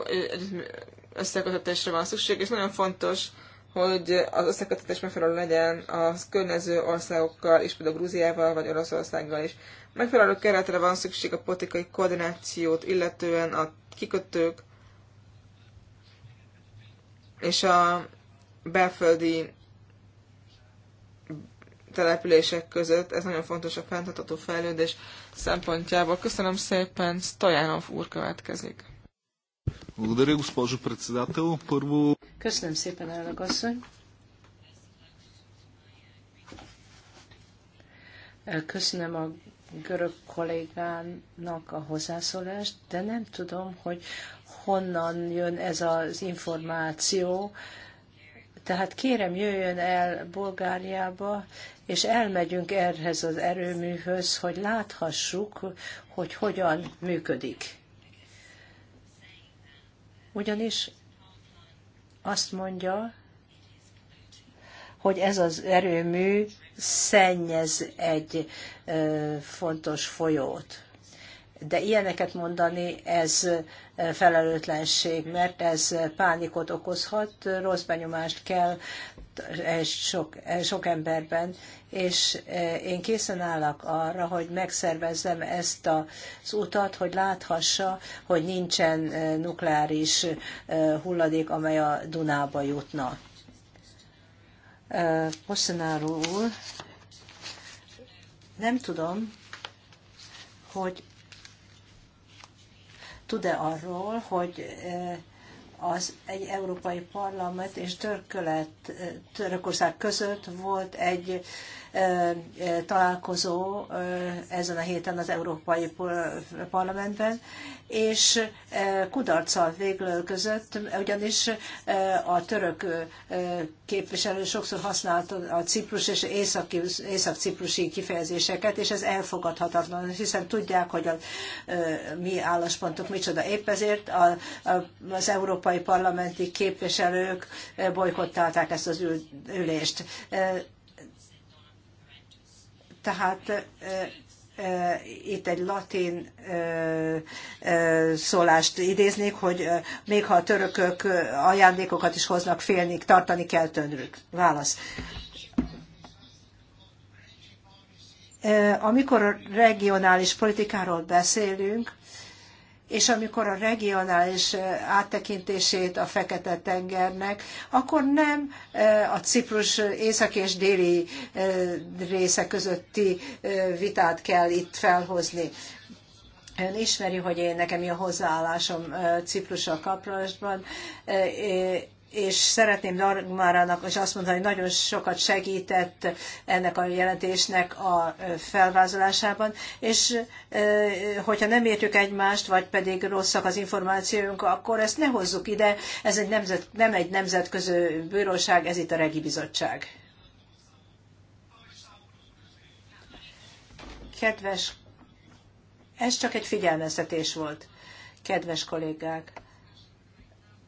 összekötetésre van szükség, és nagyon fontos, hogy az összekötetés megfelelő legyen a környező országokkal is, például Grúziával vagy Oroszországgal is. Megfelelő keretre van szükség a politikai koordinációt, illetően a kikötők és a belföldi települések között. Ez nagyon fontos a fenntartható fejlődés szempontjából. Köszönöm szépen, Stojanov úr következik. Köszönöm szépen, elnök asszony. Köszönöm a görög kollégának a hozzászólást, de nem tudom, hogy honnan jön ez az információ. Tehát kérem, jöjjön el Bulgáriába, és elmegyünk erhez az erőműhöz, hogy láthassuk, hogy hogyan működik. Ugyanis azt mondja, hogy ez az erőmű szennyez egy fontos folyót. De ilyeneket mondani, ez felelőtlenség, mert ez pánikot okozhat, rossz benyomást kell e, sok, e, sok emberben, és e, én készen állok arra, hogy megszervezzem ezt az utat, hogy láthassa, hogy nincsen nukleáris hulladék, amely a Dunába jutna. Posszenáró úr, nem tudom, hogy tud-e arról, hogy az egy Európai Parlament és Törkölet, Törökország között volt egy találkozó ezen a héten az Európai Parlamentben, és kudarccal között, ugyanis a török képviselő sokszor használta a ciprus és észak-ciprusi kifejezéseket, és ez elfogadhatatlan, hiszen tudják, hogy a mi álláspontok micsoda. Épp ezért az európai parlamenti képviselők bolykottálták ezt az ülést. Tehát itt egy latin szólást idéznék, hogy még ha a törökök ajándékokat is hoznak, félni, tartani kell tőlük. Válasz. Amikor a regionális politikáról beszélünk, és amikor a regionális áttekintését a Fekete-tengernek, akkor nem a Ciprus északi és déli része közötti vitát kell itt felhozni. Ön ismeri, hogy én, nekem mi a hozzáállásom Ciprussal kapcsolatban és szeretném Dagmarának is azt mondani, hogy nagyon sokat segített ennek a jelentésnek a felvázolásában, és hogyha nem értjük egymást, vagy pedig rosszak az információink, akkor ezt ne hozzuk ide, ez egy nemzet, nem egy nemzetközi bíróság, ez itt a Regi Bizottság. Kedves, ez csak egy figyelmeztetés volt, kedves kollégák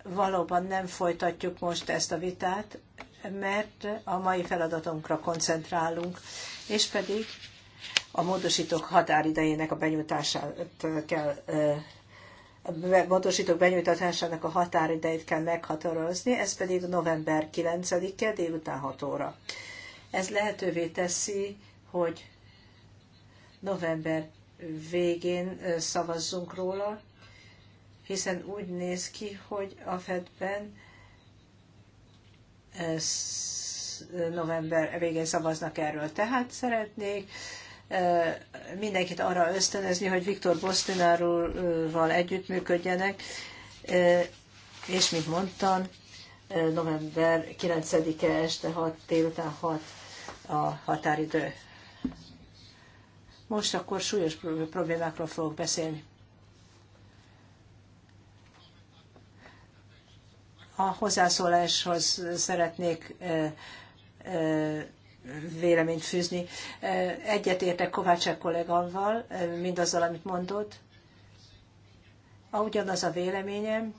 valóban nem folytatjuk most ezt a vitát, mert a mai feladatunkra koncentrálunk, és pedig a módosítók határidejének a benyújtását kell módosítók benyújtatásának a határidejét kell meghatározni, ez pedig november 9-e délután 6 óra. Ez lehetővé teszi, hogy november végén szavazzunk róla, hiszen úgy néz ki, hogy a Fedben eh, november végén szavaznak erről. Tehát szeretnék eh, mindenkit arra ösztönözni, hogy Viktor Bostináról együttműködjenek, eh, és mint mondtam, november 9-e este 6 délután 6 a határidő. Most akkor súlyos problémákról fogok beszélni. A hozzászóláshoz szeretnék véleményt fűzni. Egyetértek Kovácsák kollégával, mindazzal, amit mondott. Ugyanaz a véleményem,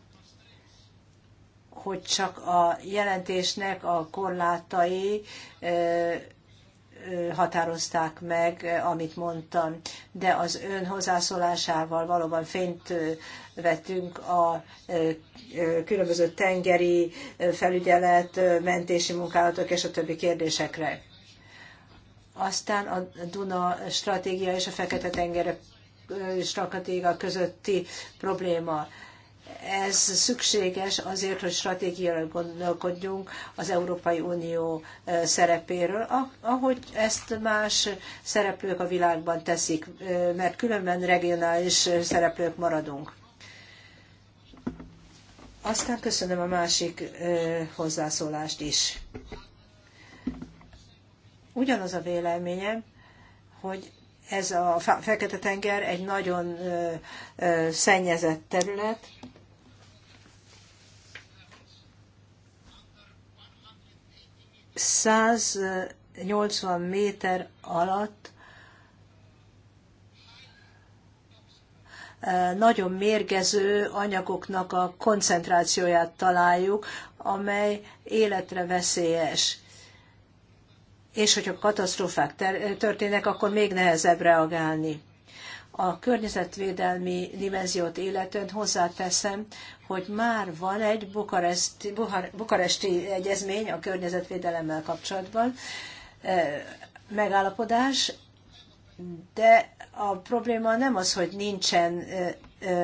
hogy csak a jelentésnek a korlátai határozták meg, amit mondtam, de az ön hozzászólásával valóban fényt vettünk a különböző tengeri felügyelet, mentési munkálatok és a többi kérdésekre. Aztán a Duna stratégia és a Fekete-tenger stratégia közötti probléma ez szükséges azért, hogy stratégiára gondolkodjunk az Európai Unió szerepéről, ahogy ezt más szereplők a világban teszik, mert különben regionális szereplők maradunk. Aztán köszönöm a másik hozzászólást is. Ugyanaz a véleményem, hogy ez a Fekete-tenger egy nagyon szennyezett terület, 180 méter alatt eh, nagyon mérgező anyagoknak a koncentrációját találjuk, amely életre veszélyes. És hogyha katasztrófák történnek, akkor még nehezebb reagálni a környezetvédelmi dimenziót illetően hozzáteszem, hogy már van egy bukaresti, bukaresti egyezmény a környezetvédelemmel kapcsolatban, e, megállapodás, de a probléma nem az, hogy nincsen e, e,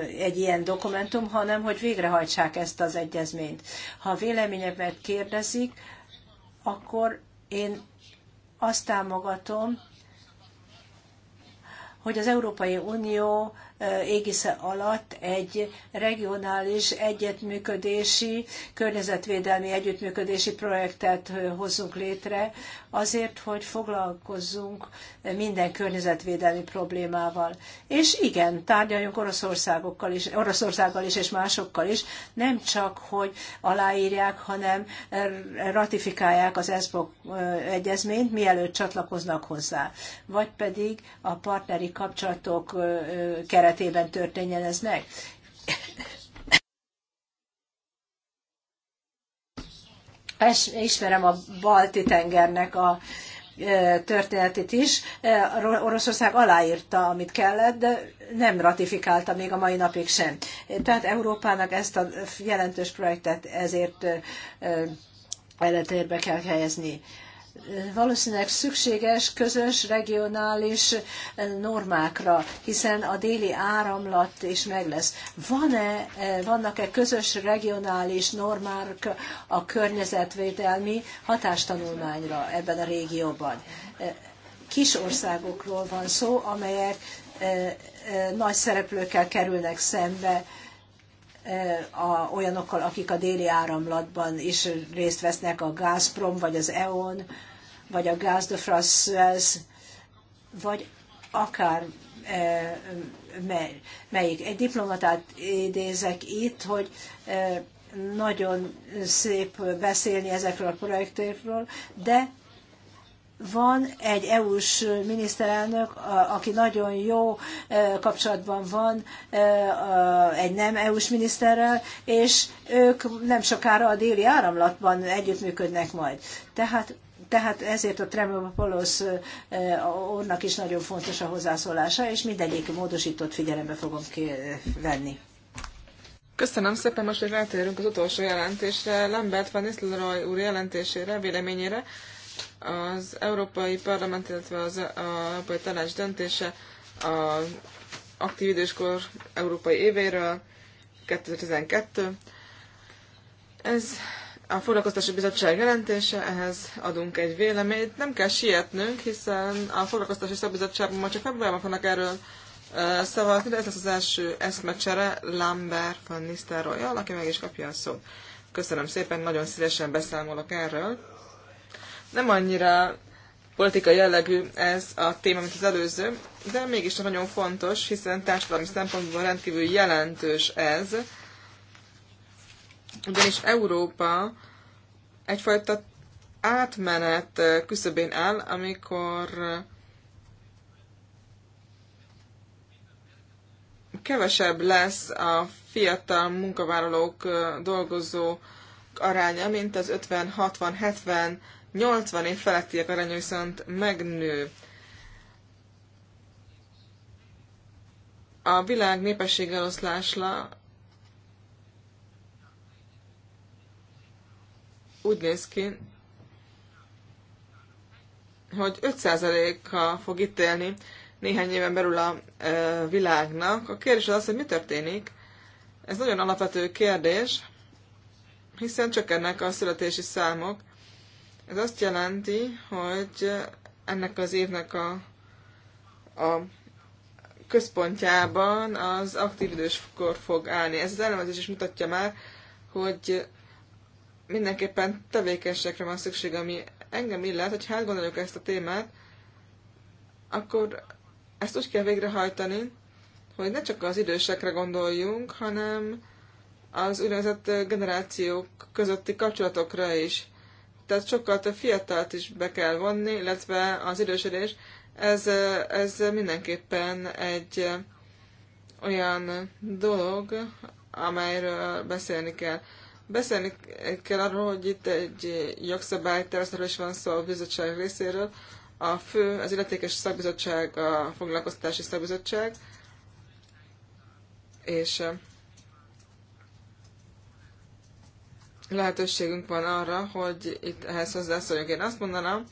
egy ilyen dokumentum, hanem hogy végrehajtsák ezt az egyezményt. Ha a véleményemet kérdezik, akkor én azt támogatom, hogy az Európai Unió égisze alatt egy regionális együttműködési, környezetvédelmi együttműködési projektet hozzunk létre, azért, hogy foglalkozzunk minden környezetvédelmi problémával. És igen, tárgyaljunk Oroszországokkal is, Oroszországgal is és másokkal is, nem csak, hogy aláírják, hanem ratifikálják az ESPO egyezményt, mielőtt csatlakoznak hozzá. Vagy pedig a partneri kapcsolatok keresztül keretében történjen ez meg. Ismerem a Balti tengernek a e, történetét is. E, Oroszország aláírta, amit kellett, de nem ratifikálta még a mai napig sem. Tehát Európának ezt a jelentős projektet ezért e, előtérbe kell helyezni valószínűleg szükséges közös regionális eh, normákra, hiszen a déli áramlat is meg lesz. Van-e, eh, vannak-e közös regionális normák a környezetvédelmi hatástanulmányra ebben a régióban? Eh, kis országokról van szó, amelyek nagy szereplőkkel kerülnek szembe Eh, a, olyanokkal, akik a déli áramlatban is részt vesznek, a Gazprom, vagy az EON, vagy a Gaz de France, vagy akár eh, melyik. Egy diplomatát idézek itt, hogy eh, nagyon szép beszélni ezekről a projektekről, de van egy EU-s miniszterelnök, aki nagyon jó kapcsolatban van egy nem EU-s miniszterrel, és ők nem sokára a déli áramlatban együttműködnek majd. Tehát tehát ezért a Tremopolos úrnak is nagyon fontos a hozzászólása, és mindegyik módosított figyelembe fogom venni. Köszönöm szépen, most hogy rátérünk az utolsó jelentésre, Lambert van Nistelrooy úr jelentésére, véleményére, az Európai Parlament, illetve az Európai Tanács döntése a aktív időskor európai évéről 2012. Ez a Foglalkoztatási Bizottság jelentése, ehhez adunk egy véleményt. Nem kell sietnünk, hiszen a Foglalkoztatási Szabizottságban ma csak februárban fognak erről szavazni, de ez lesz az első eszmecsere Lambert van Nisztárolyal, aki meg is kapja a szót. Köszönöm szépen, nagyon szívesen beszámolok erről. Nem annyira politikai jellegű ez a téma, mint az előző, de mégis nagyon fontos, hiszen társadalmi szempontból rendkívül jelentős ez, ugyanis Európa egyfajta átmenet küszöbén áll, amikor kevesebb lesz a fiatal munkavállalók dolgozó aránya, mint az 50-60-70 80 év felettiek aránya viszont megnő. A világ népesség eloszlásla úgy néz ki, hogy 5%-a fog itt élni néhány éven belül a e, világnak. A kérdés az, hogy mi történik. Ez nagyon alapvető kérdés, hiszen csökkennek a születési számok, ez azt jelenti, hogy ennek az évnek a, a központjában az aktív időskor fog állni. Ez az elemezés is mutatja már, hogy mindenképpen tevékenységre van szükség, ami engem illet, hogy hát gondoljuk ezt a témát, akkor ezt úgy kell végrehajtani, hogy ne csak az idősekre gondoljunk, hanem az úgynevezett generációk közötti kapcsolatokra is tehát sokkal több fiatalt is be kell vonni, illetve az idősödés, ez, ez mindenképpen egy olyan dolog, amelyről beszélni kell. Beszélni kell arról, hogy itt egy jogszabálytervezetről is van szó a bizottság részéről. A fő, az illetékes szakbizottság a foglalkoztatási szakbizottság, és lehetőségünk van arra, hogy itt ehhez hozzászóljunk. Én azt mondanám,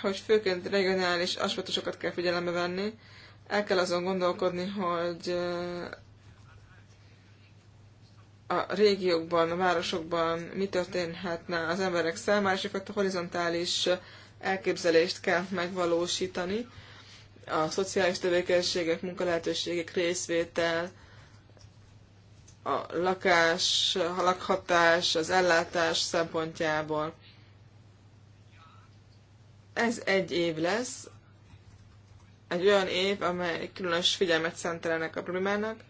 hogy főként regionális aspektusokat kell figyelembe venni. El kell azon gondolkodni, hogy eh, a régiókban, a városokban mi történhetne az emberek számára, és a horizontális elképzelést kell megvalósítani. A szociális tevékenységek, munkalehetőségek, részvétel, a lakás, a lakhatás, az ellátás szempontjából. Ez egy év lesz, egy olyan év, amely különös figyelmet szentelnek a problémának.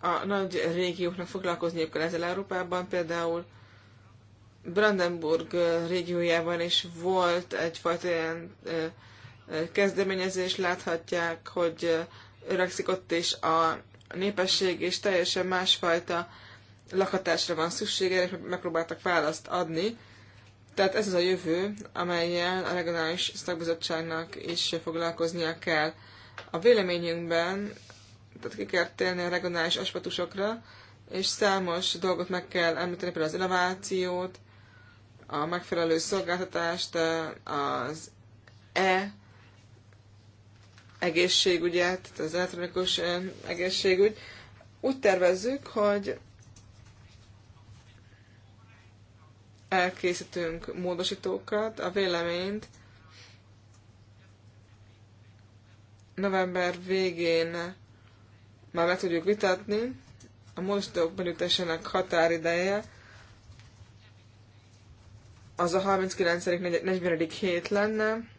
A nagy régióknak foglalkozniuk kell ezzel Európában, például Brandenburg régiójában is volt egyfajta ilyen kezdeményezés, láthatják, hogy öregszik ott is a népesség, és teljesen másfajta lakhatásra van szüksége, és megpróbáltak választ adni. Tehát ez az a jövő, amelyen a regionális szakbizottságnak is foglalkoznia kell. A véleményünkben tehát ki kell térni a regionális aspektusokra, és számos dolgot meg kell említeni, például az innovációt, a megfelelő szolgáltatást, az e egészségügyet, tehát az elektronikus egészségügy. Úgy tervezzük, hogy elkészítünk módosítókat, a véleményt november végén már meg tudjuk vitatni, a módosítók benyújtásának határideje az a 39. 40. hét lenne,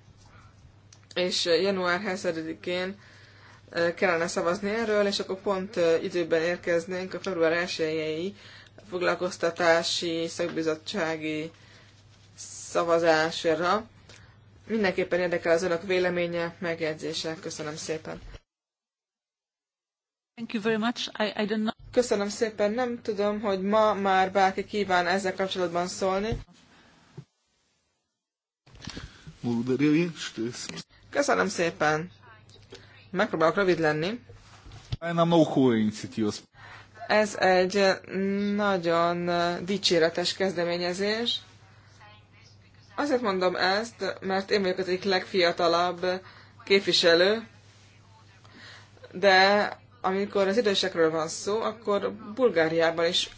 és január 7-én kellene szavazni erről, és akkor pont időben érkeznénk a február 1-i foglalkoztatási szakbizottsági szavazásra. Mindenképpen érdekel az önök véleménye, megjegyzése. Köszönöm szépen. Thank you very much. I, I don't know. Köszönöm szépen. Nem tudom, hogy ma már bárki kíván ezzel kapcsolatban szólni. Köszönöm szépen. Megpróbálok rövid lenni. Ez egy nagyon dicséretes kezdeményezés. Azért mondom ezt, mert én vagyok az egyik legfiatalabb képviselő, de amikor az idősekről van szó, akkor Bulgáriában is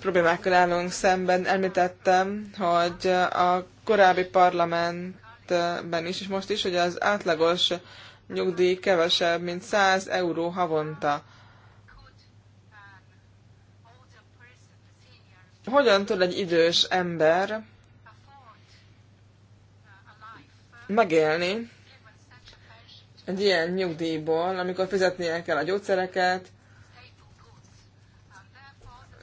problémákkal állunk szemben. Említettem, hogy a korábbi parlament 2017-ben is, és most is, hogy az átlagos nyugdíj kevesebb, mint 100 euró havonta. Hogyan tud egy idős ember megélni egy ilyen nyugdíjból, amikor fizetnie kell a gyógyszereket,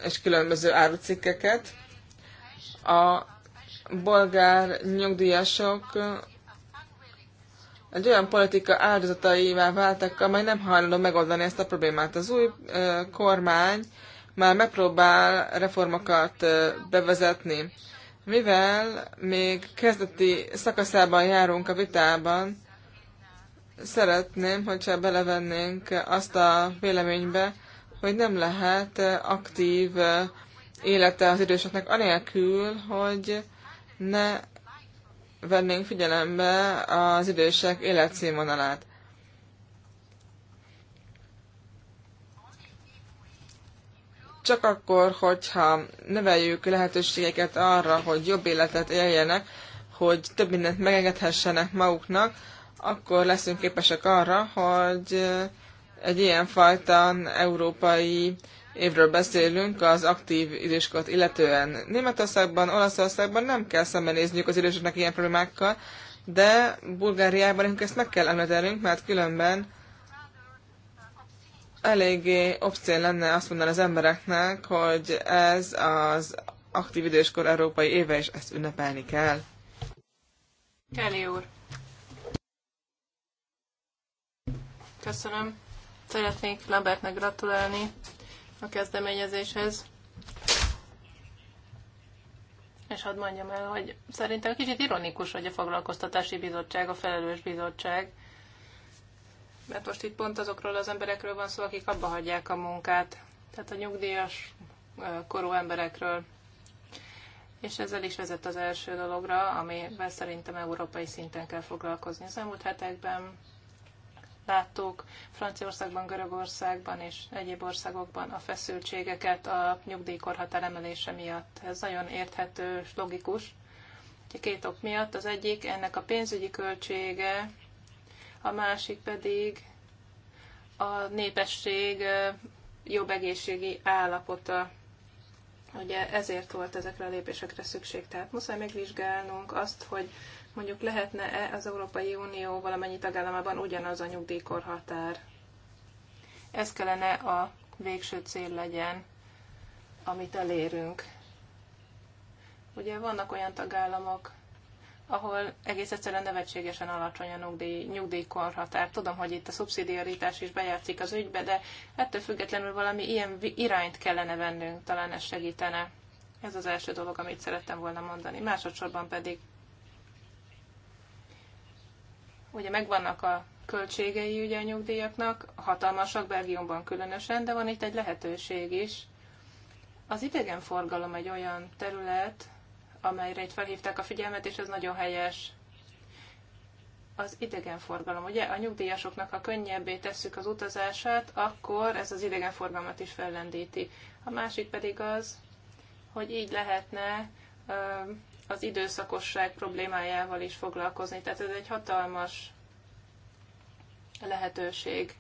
és különböző árucikkeket. A bolgár nyugdíjasok egy olyan politika áldozataivá váltak, amely nem hajlandó megoldani ezt a problémát. Az új kormány már megpróbál reformokat bevezetni. Mivel még kezdeti szakaszában járunk a vitában, szeretném, hogyha belevennénk azt a véleménybe, hogy nem lehet aktív élete az időseknek anélkül, hogy ne vennénk figyelembe az idősek életszínvonalát. Csak akkor, hogyha növeljük lehetőségeket arra, hogy jobb életet éljenek, hogy több mindent megengedhessenek maguknak, akkor leszünk képesek arra, hogy egy ilyenfajta európai évről beszélünk az aktív időskort illetően. Németországban, Olaszországban nem kell szembenézniük az időseknek ilyen problémákkal, de Bulgáriában nekünk ezt meg kell említenünk, mert különben eléggé obszén lenne azt mondani az embereknek, hogy ez az aktív időskor európai éve, és ezt ünnepelni kell. Kelly úr. Köszönöm. Szeretnék Lambertnek gratulálni a kezdeményezéshez. És hadd mondjam el, hogy szerintem kicsit ironikus, hogy a foglalkoztatási bizottság, a felelős bizottság, mert most itt pont azokról az emberekről van szó, akik abba hagyják a munkát, tehát a nyugdíjas korú emberekről. És ezzel is vezet az első dologra, amivel szerintem európai szinten kell foglalkozni. Az elmúlt hetekben láttuk Franciaországban, Görögországban és egyéb országokban a feszültségeket a nyugdíjkorhatár emelése miatt. Ez nagyon érthető és logikus. Két ok miatt. Az egyik ennek a pénzügyi költsége, a másik pedig a népesség jobb egészségi állapota. Ugye ezért volt ezekre a lépésekre szükség. Tehát muszáj megvizsgálnunk azt, hogy mondjuk lehetne-e az Európai Unió valamennyi tagállamában ugyanaz a nyugdíjkorhatár? Ez kellene a végső cél legyen, amit elérünk. Ugye vannak olyan tagállamok, ahol egész egyszerűen nevetségesen alacsony a nyugdíj, nyugdíjkorhatár. Tudom, hogy itt a szubszidiaritás is bejátszik az ügybe, de ettől függetlenül valami ilyen irányt kellene vennünk, talán ez segítene. Ez az első dolog, amit szerettem volna mondani. Másodszorban pedig ugye megvannak a költségei ugye a nyugdíjaknak, hatalmasak Belgiumban különösen, de van itt egy lehetőség is. Az idegenforgalom egy olyan terület, amelyre itt felhívták a figyelmet, és ez nagyon helyes. Az idegenforgalom, ugye a nyugdíjasoknak, ha könnyebbé tesszük az utazását, akkor ez az idegenforgalmat is fellendíti. A másik pedig az, hogy így lehetne az időszakosság problémájával is foglalkozni. Tehát ez egy hatalmas lehetőség.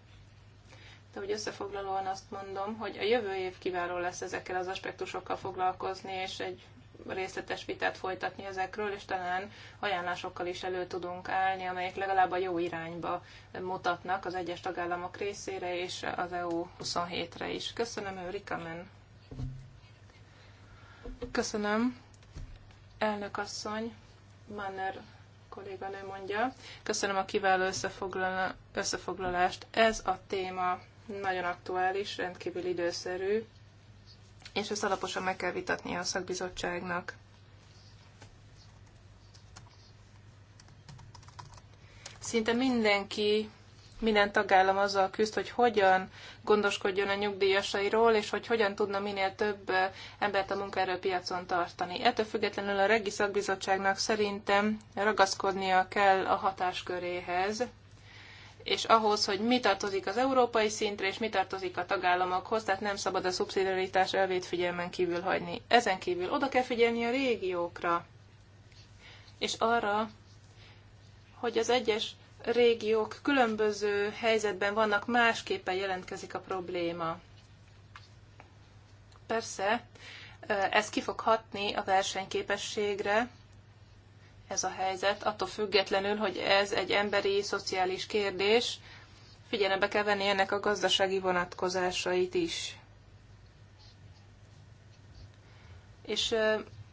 De hogy összefoglalóan azt mondom, hogy a jövő év kiváló lesz ezekkel az aspektusokkal foglalkozni, és egy részletes vitát folytatni ezekről, és talán ajánlásokkal is elő tudunk állni, amelyek legalább a jó irányba mutatnak az egyes tagállamok részére és az EU 27-re is. Köszönöm, Rikamen. Köszönöm. Elnök asszony, Manner kolléganő mondja. Köszönöm a kiváló összefoglalást. Ez a téma nagyon aktuális, rendkívül időszerű, és ezt alaposan meg kell vitatnia a szakbizottságnak. Szinte mindenki minden tagállam azzal küzd, hogy hogyan gondoskodjon a nyugdíjasairól, és hogy hogyan tudna minél több eh, embert a munkaerőpiacon tartani. Ettől függetlenül a Regi Szakbizottságnak szerintem ragaszkodnia kell a hatásköréhez, és ahhoz, hogy mi tartozik az európai szintre, és mi tartozik a tagállamokhoz, tehát nem szabad a szubszidiaritás elvét figyelmen kívül hagyni. Ezen kívül oda kell figyelni a régiókra, és arra, hogy az egyes régiók különböző helyzetben vannak, másképpen jelentkezik a probléma. Persze, ez ki fog hatni a versenyképességre, ez a helyzet, attól függetlenül, hogy ez egy emberi, szociális kérdés, figyelembe kell venni ennek a gazdasági vonatkozásait is. És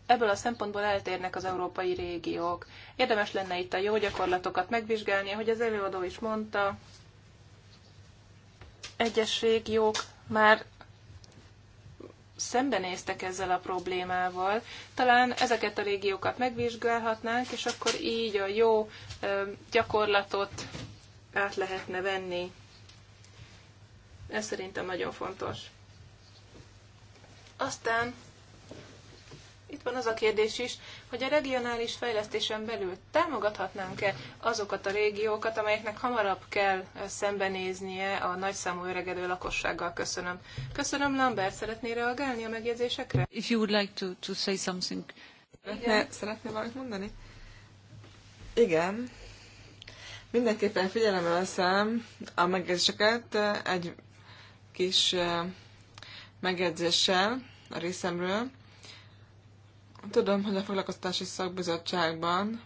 ebből a szempontból eltérnek az európai régiók. Érdemes lenne itt a jó gyakorlatokat megvizsgálni, ahogy az előadó is mondta, egyes régiók már szembenéztek ezzel a problémával. Talán ezeket a régiókat megvizsgálhatnánk, és akkor így a jó gyakorlatot át lehetne venni. Ez szerintem nagyon fontos. Aztán itt van az a kérdés is, hogy a regionális fejlesztésen belül támogathatnánk-e azokat a régiókat, amelyeknek hamarabb kell szembenéznie a nagyszámú öregedő lakossággal. Köszönöm. Köszönöm, Lambert, szeretné reagálni a megjegyzésekre? If you would like to, to say something. Szeretné, szeretné valamit mondani? Igen. Mindenképpen figyelemmel veszem a megjegyzéseket egy kis megjegyzéssel a részemről Tudom, hogy a foglalkoztatási szakbizottságban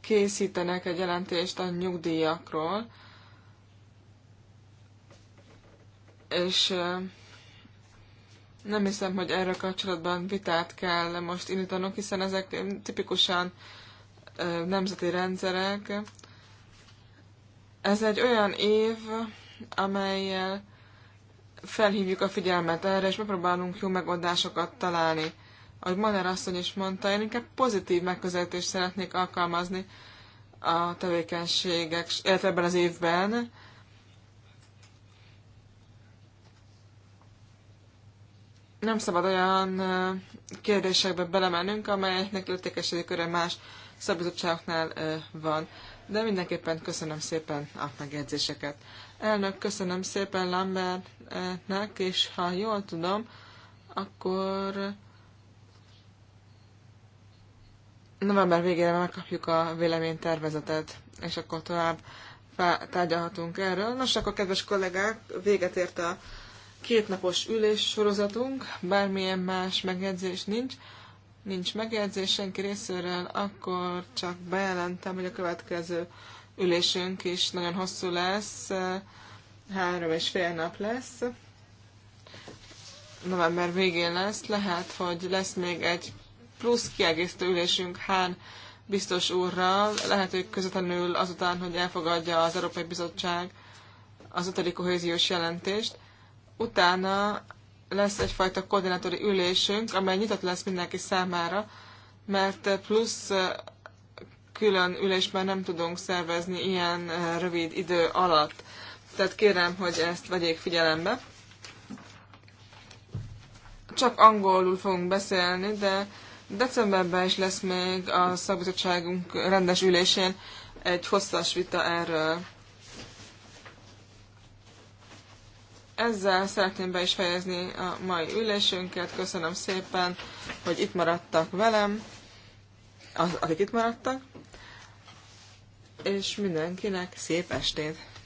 készítenek egy jelentést a nyugdíjakról, és nem hiszem, hogy erre kapcsolatban vitát kell most indítanunk, hiszen ezek tipikusan nemzeti rendszerek. Ez egy olyan év, amelyel felhívjuk a figyelmet erre, és megpróbálunk jó megoldásokat találni. Ahogy Manner asszony is mondta, én inkább pozitív megközelítést szeretnék alkalmazni a tevékenységek, illetve ebben az évben. Nem szabad olyan kérdésekbe belemennünk, amelyeknek értékesési öre más szabizottságoknál van. De mindenképpen köszönöm szépen a megjegyzéseket. Elnök, köszönöm szépen, Lambert! parlamentnek, és ha jól tudom, akkor november végére megkapjuk a véleménytervezetet, és akkor tovább tárgyalhatunk erről. Nos, akkor kedves kollégák, véget ért a kétnapos ülés sorozatunk, bármilyen más megjegyzés nincs, nincs megjegyzés senki részéről, akkor csak bejelentem, hogy a következő ülésünk is nagyon hosszú lesz három és fél nap lesz. November végén lesz. Lehet, hogy lesz még egy plusz kiegészítő ülésünk Hán biztos úrral. Lehet, hogy közvetlenül azután, hogy elfogadja az Európai Bizottság az ötödik kohéziós jelentést. Utána lesz egyfajta koordinátori ülésünk, amely nyitott lesz mindenki számára, mert plusz külön ülésben nem tudunk szervezni ilyen rövid idő alatt. Tehát kérem, hogy ezt vegyék figyelembe. Csak angolul fogunk beszélni, de decemberben is lesz még a szakbizottságunk rendes ülésén egy hosszas vita erről. Ezzel szeretném be is fejezni a mai ülésünket. Köszönöm szépen, hogy itt maradtak velem, az, akik itt maradtak, és mindenkinek szép estét!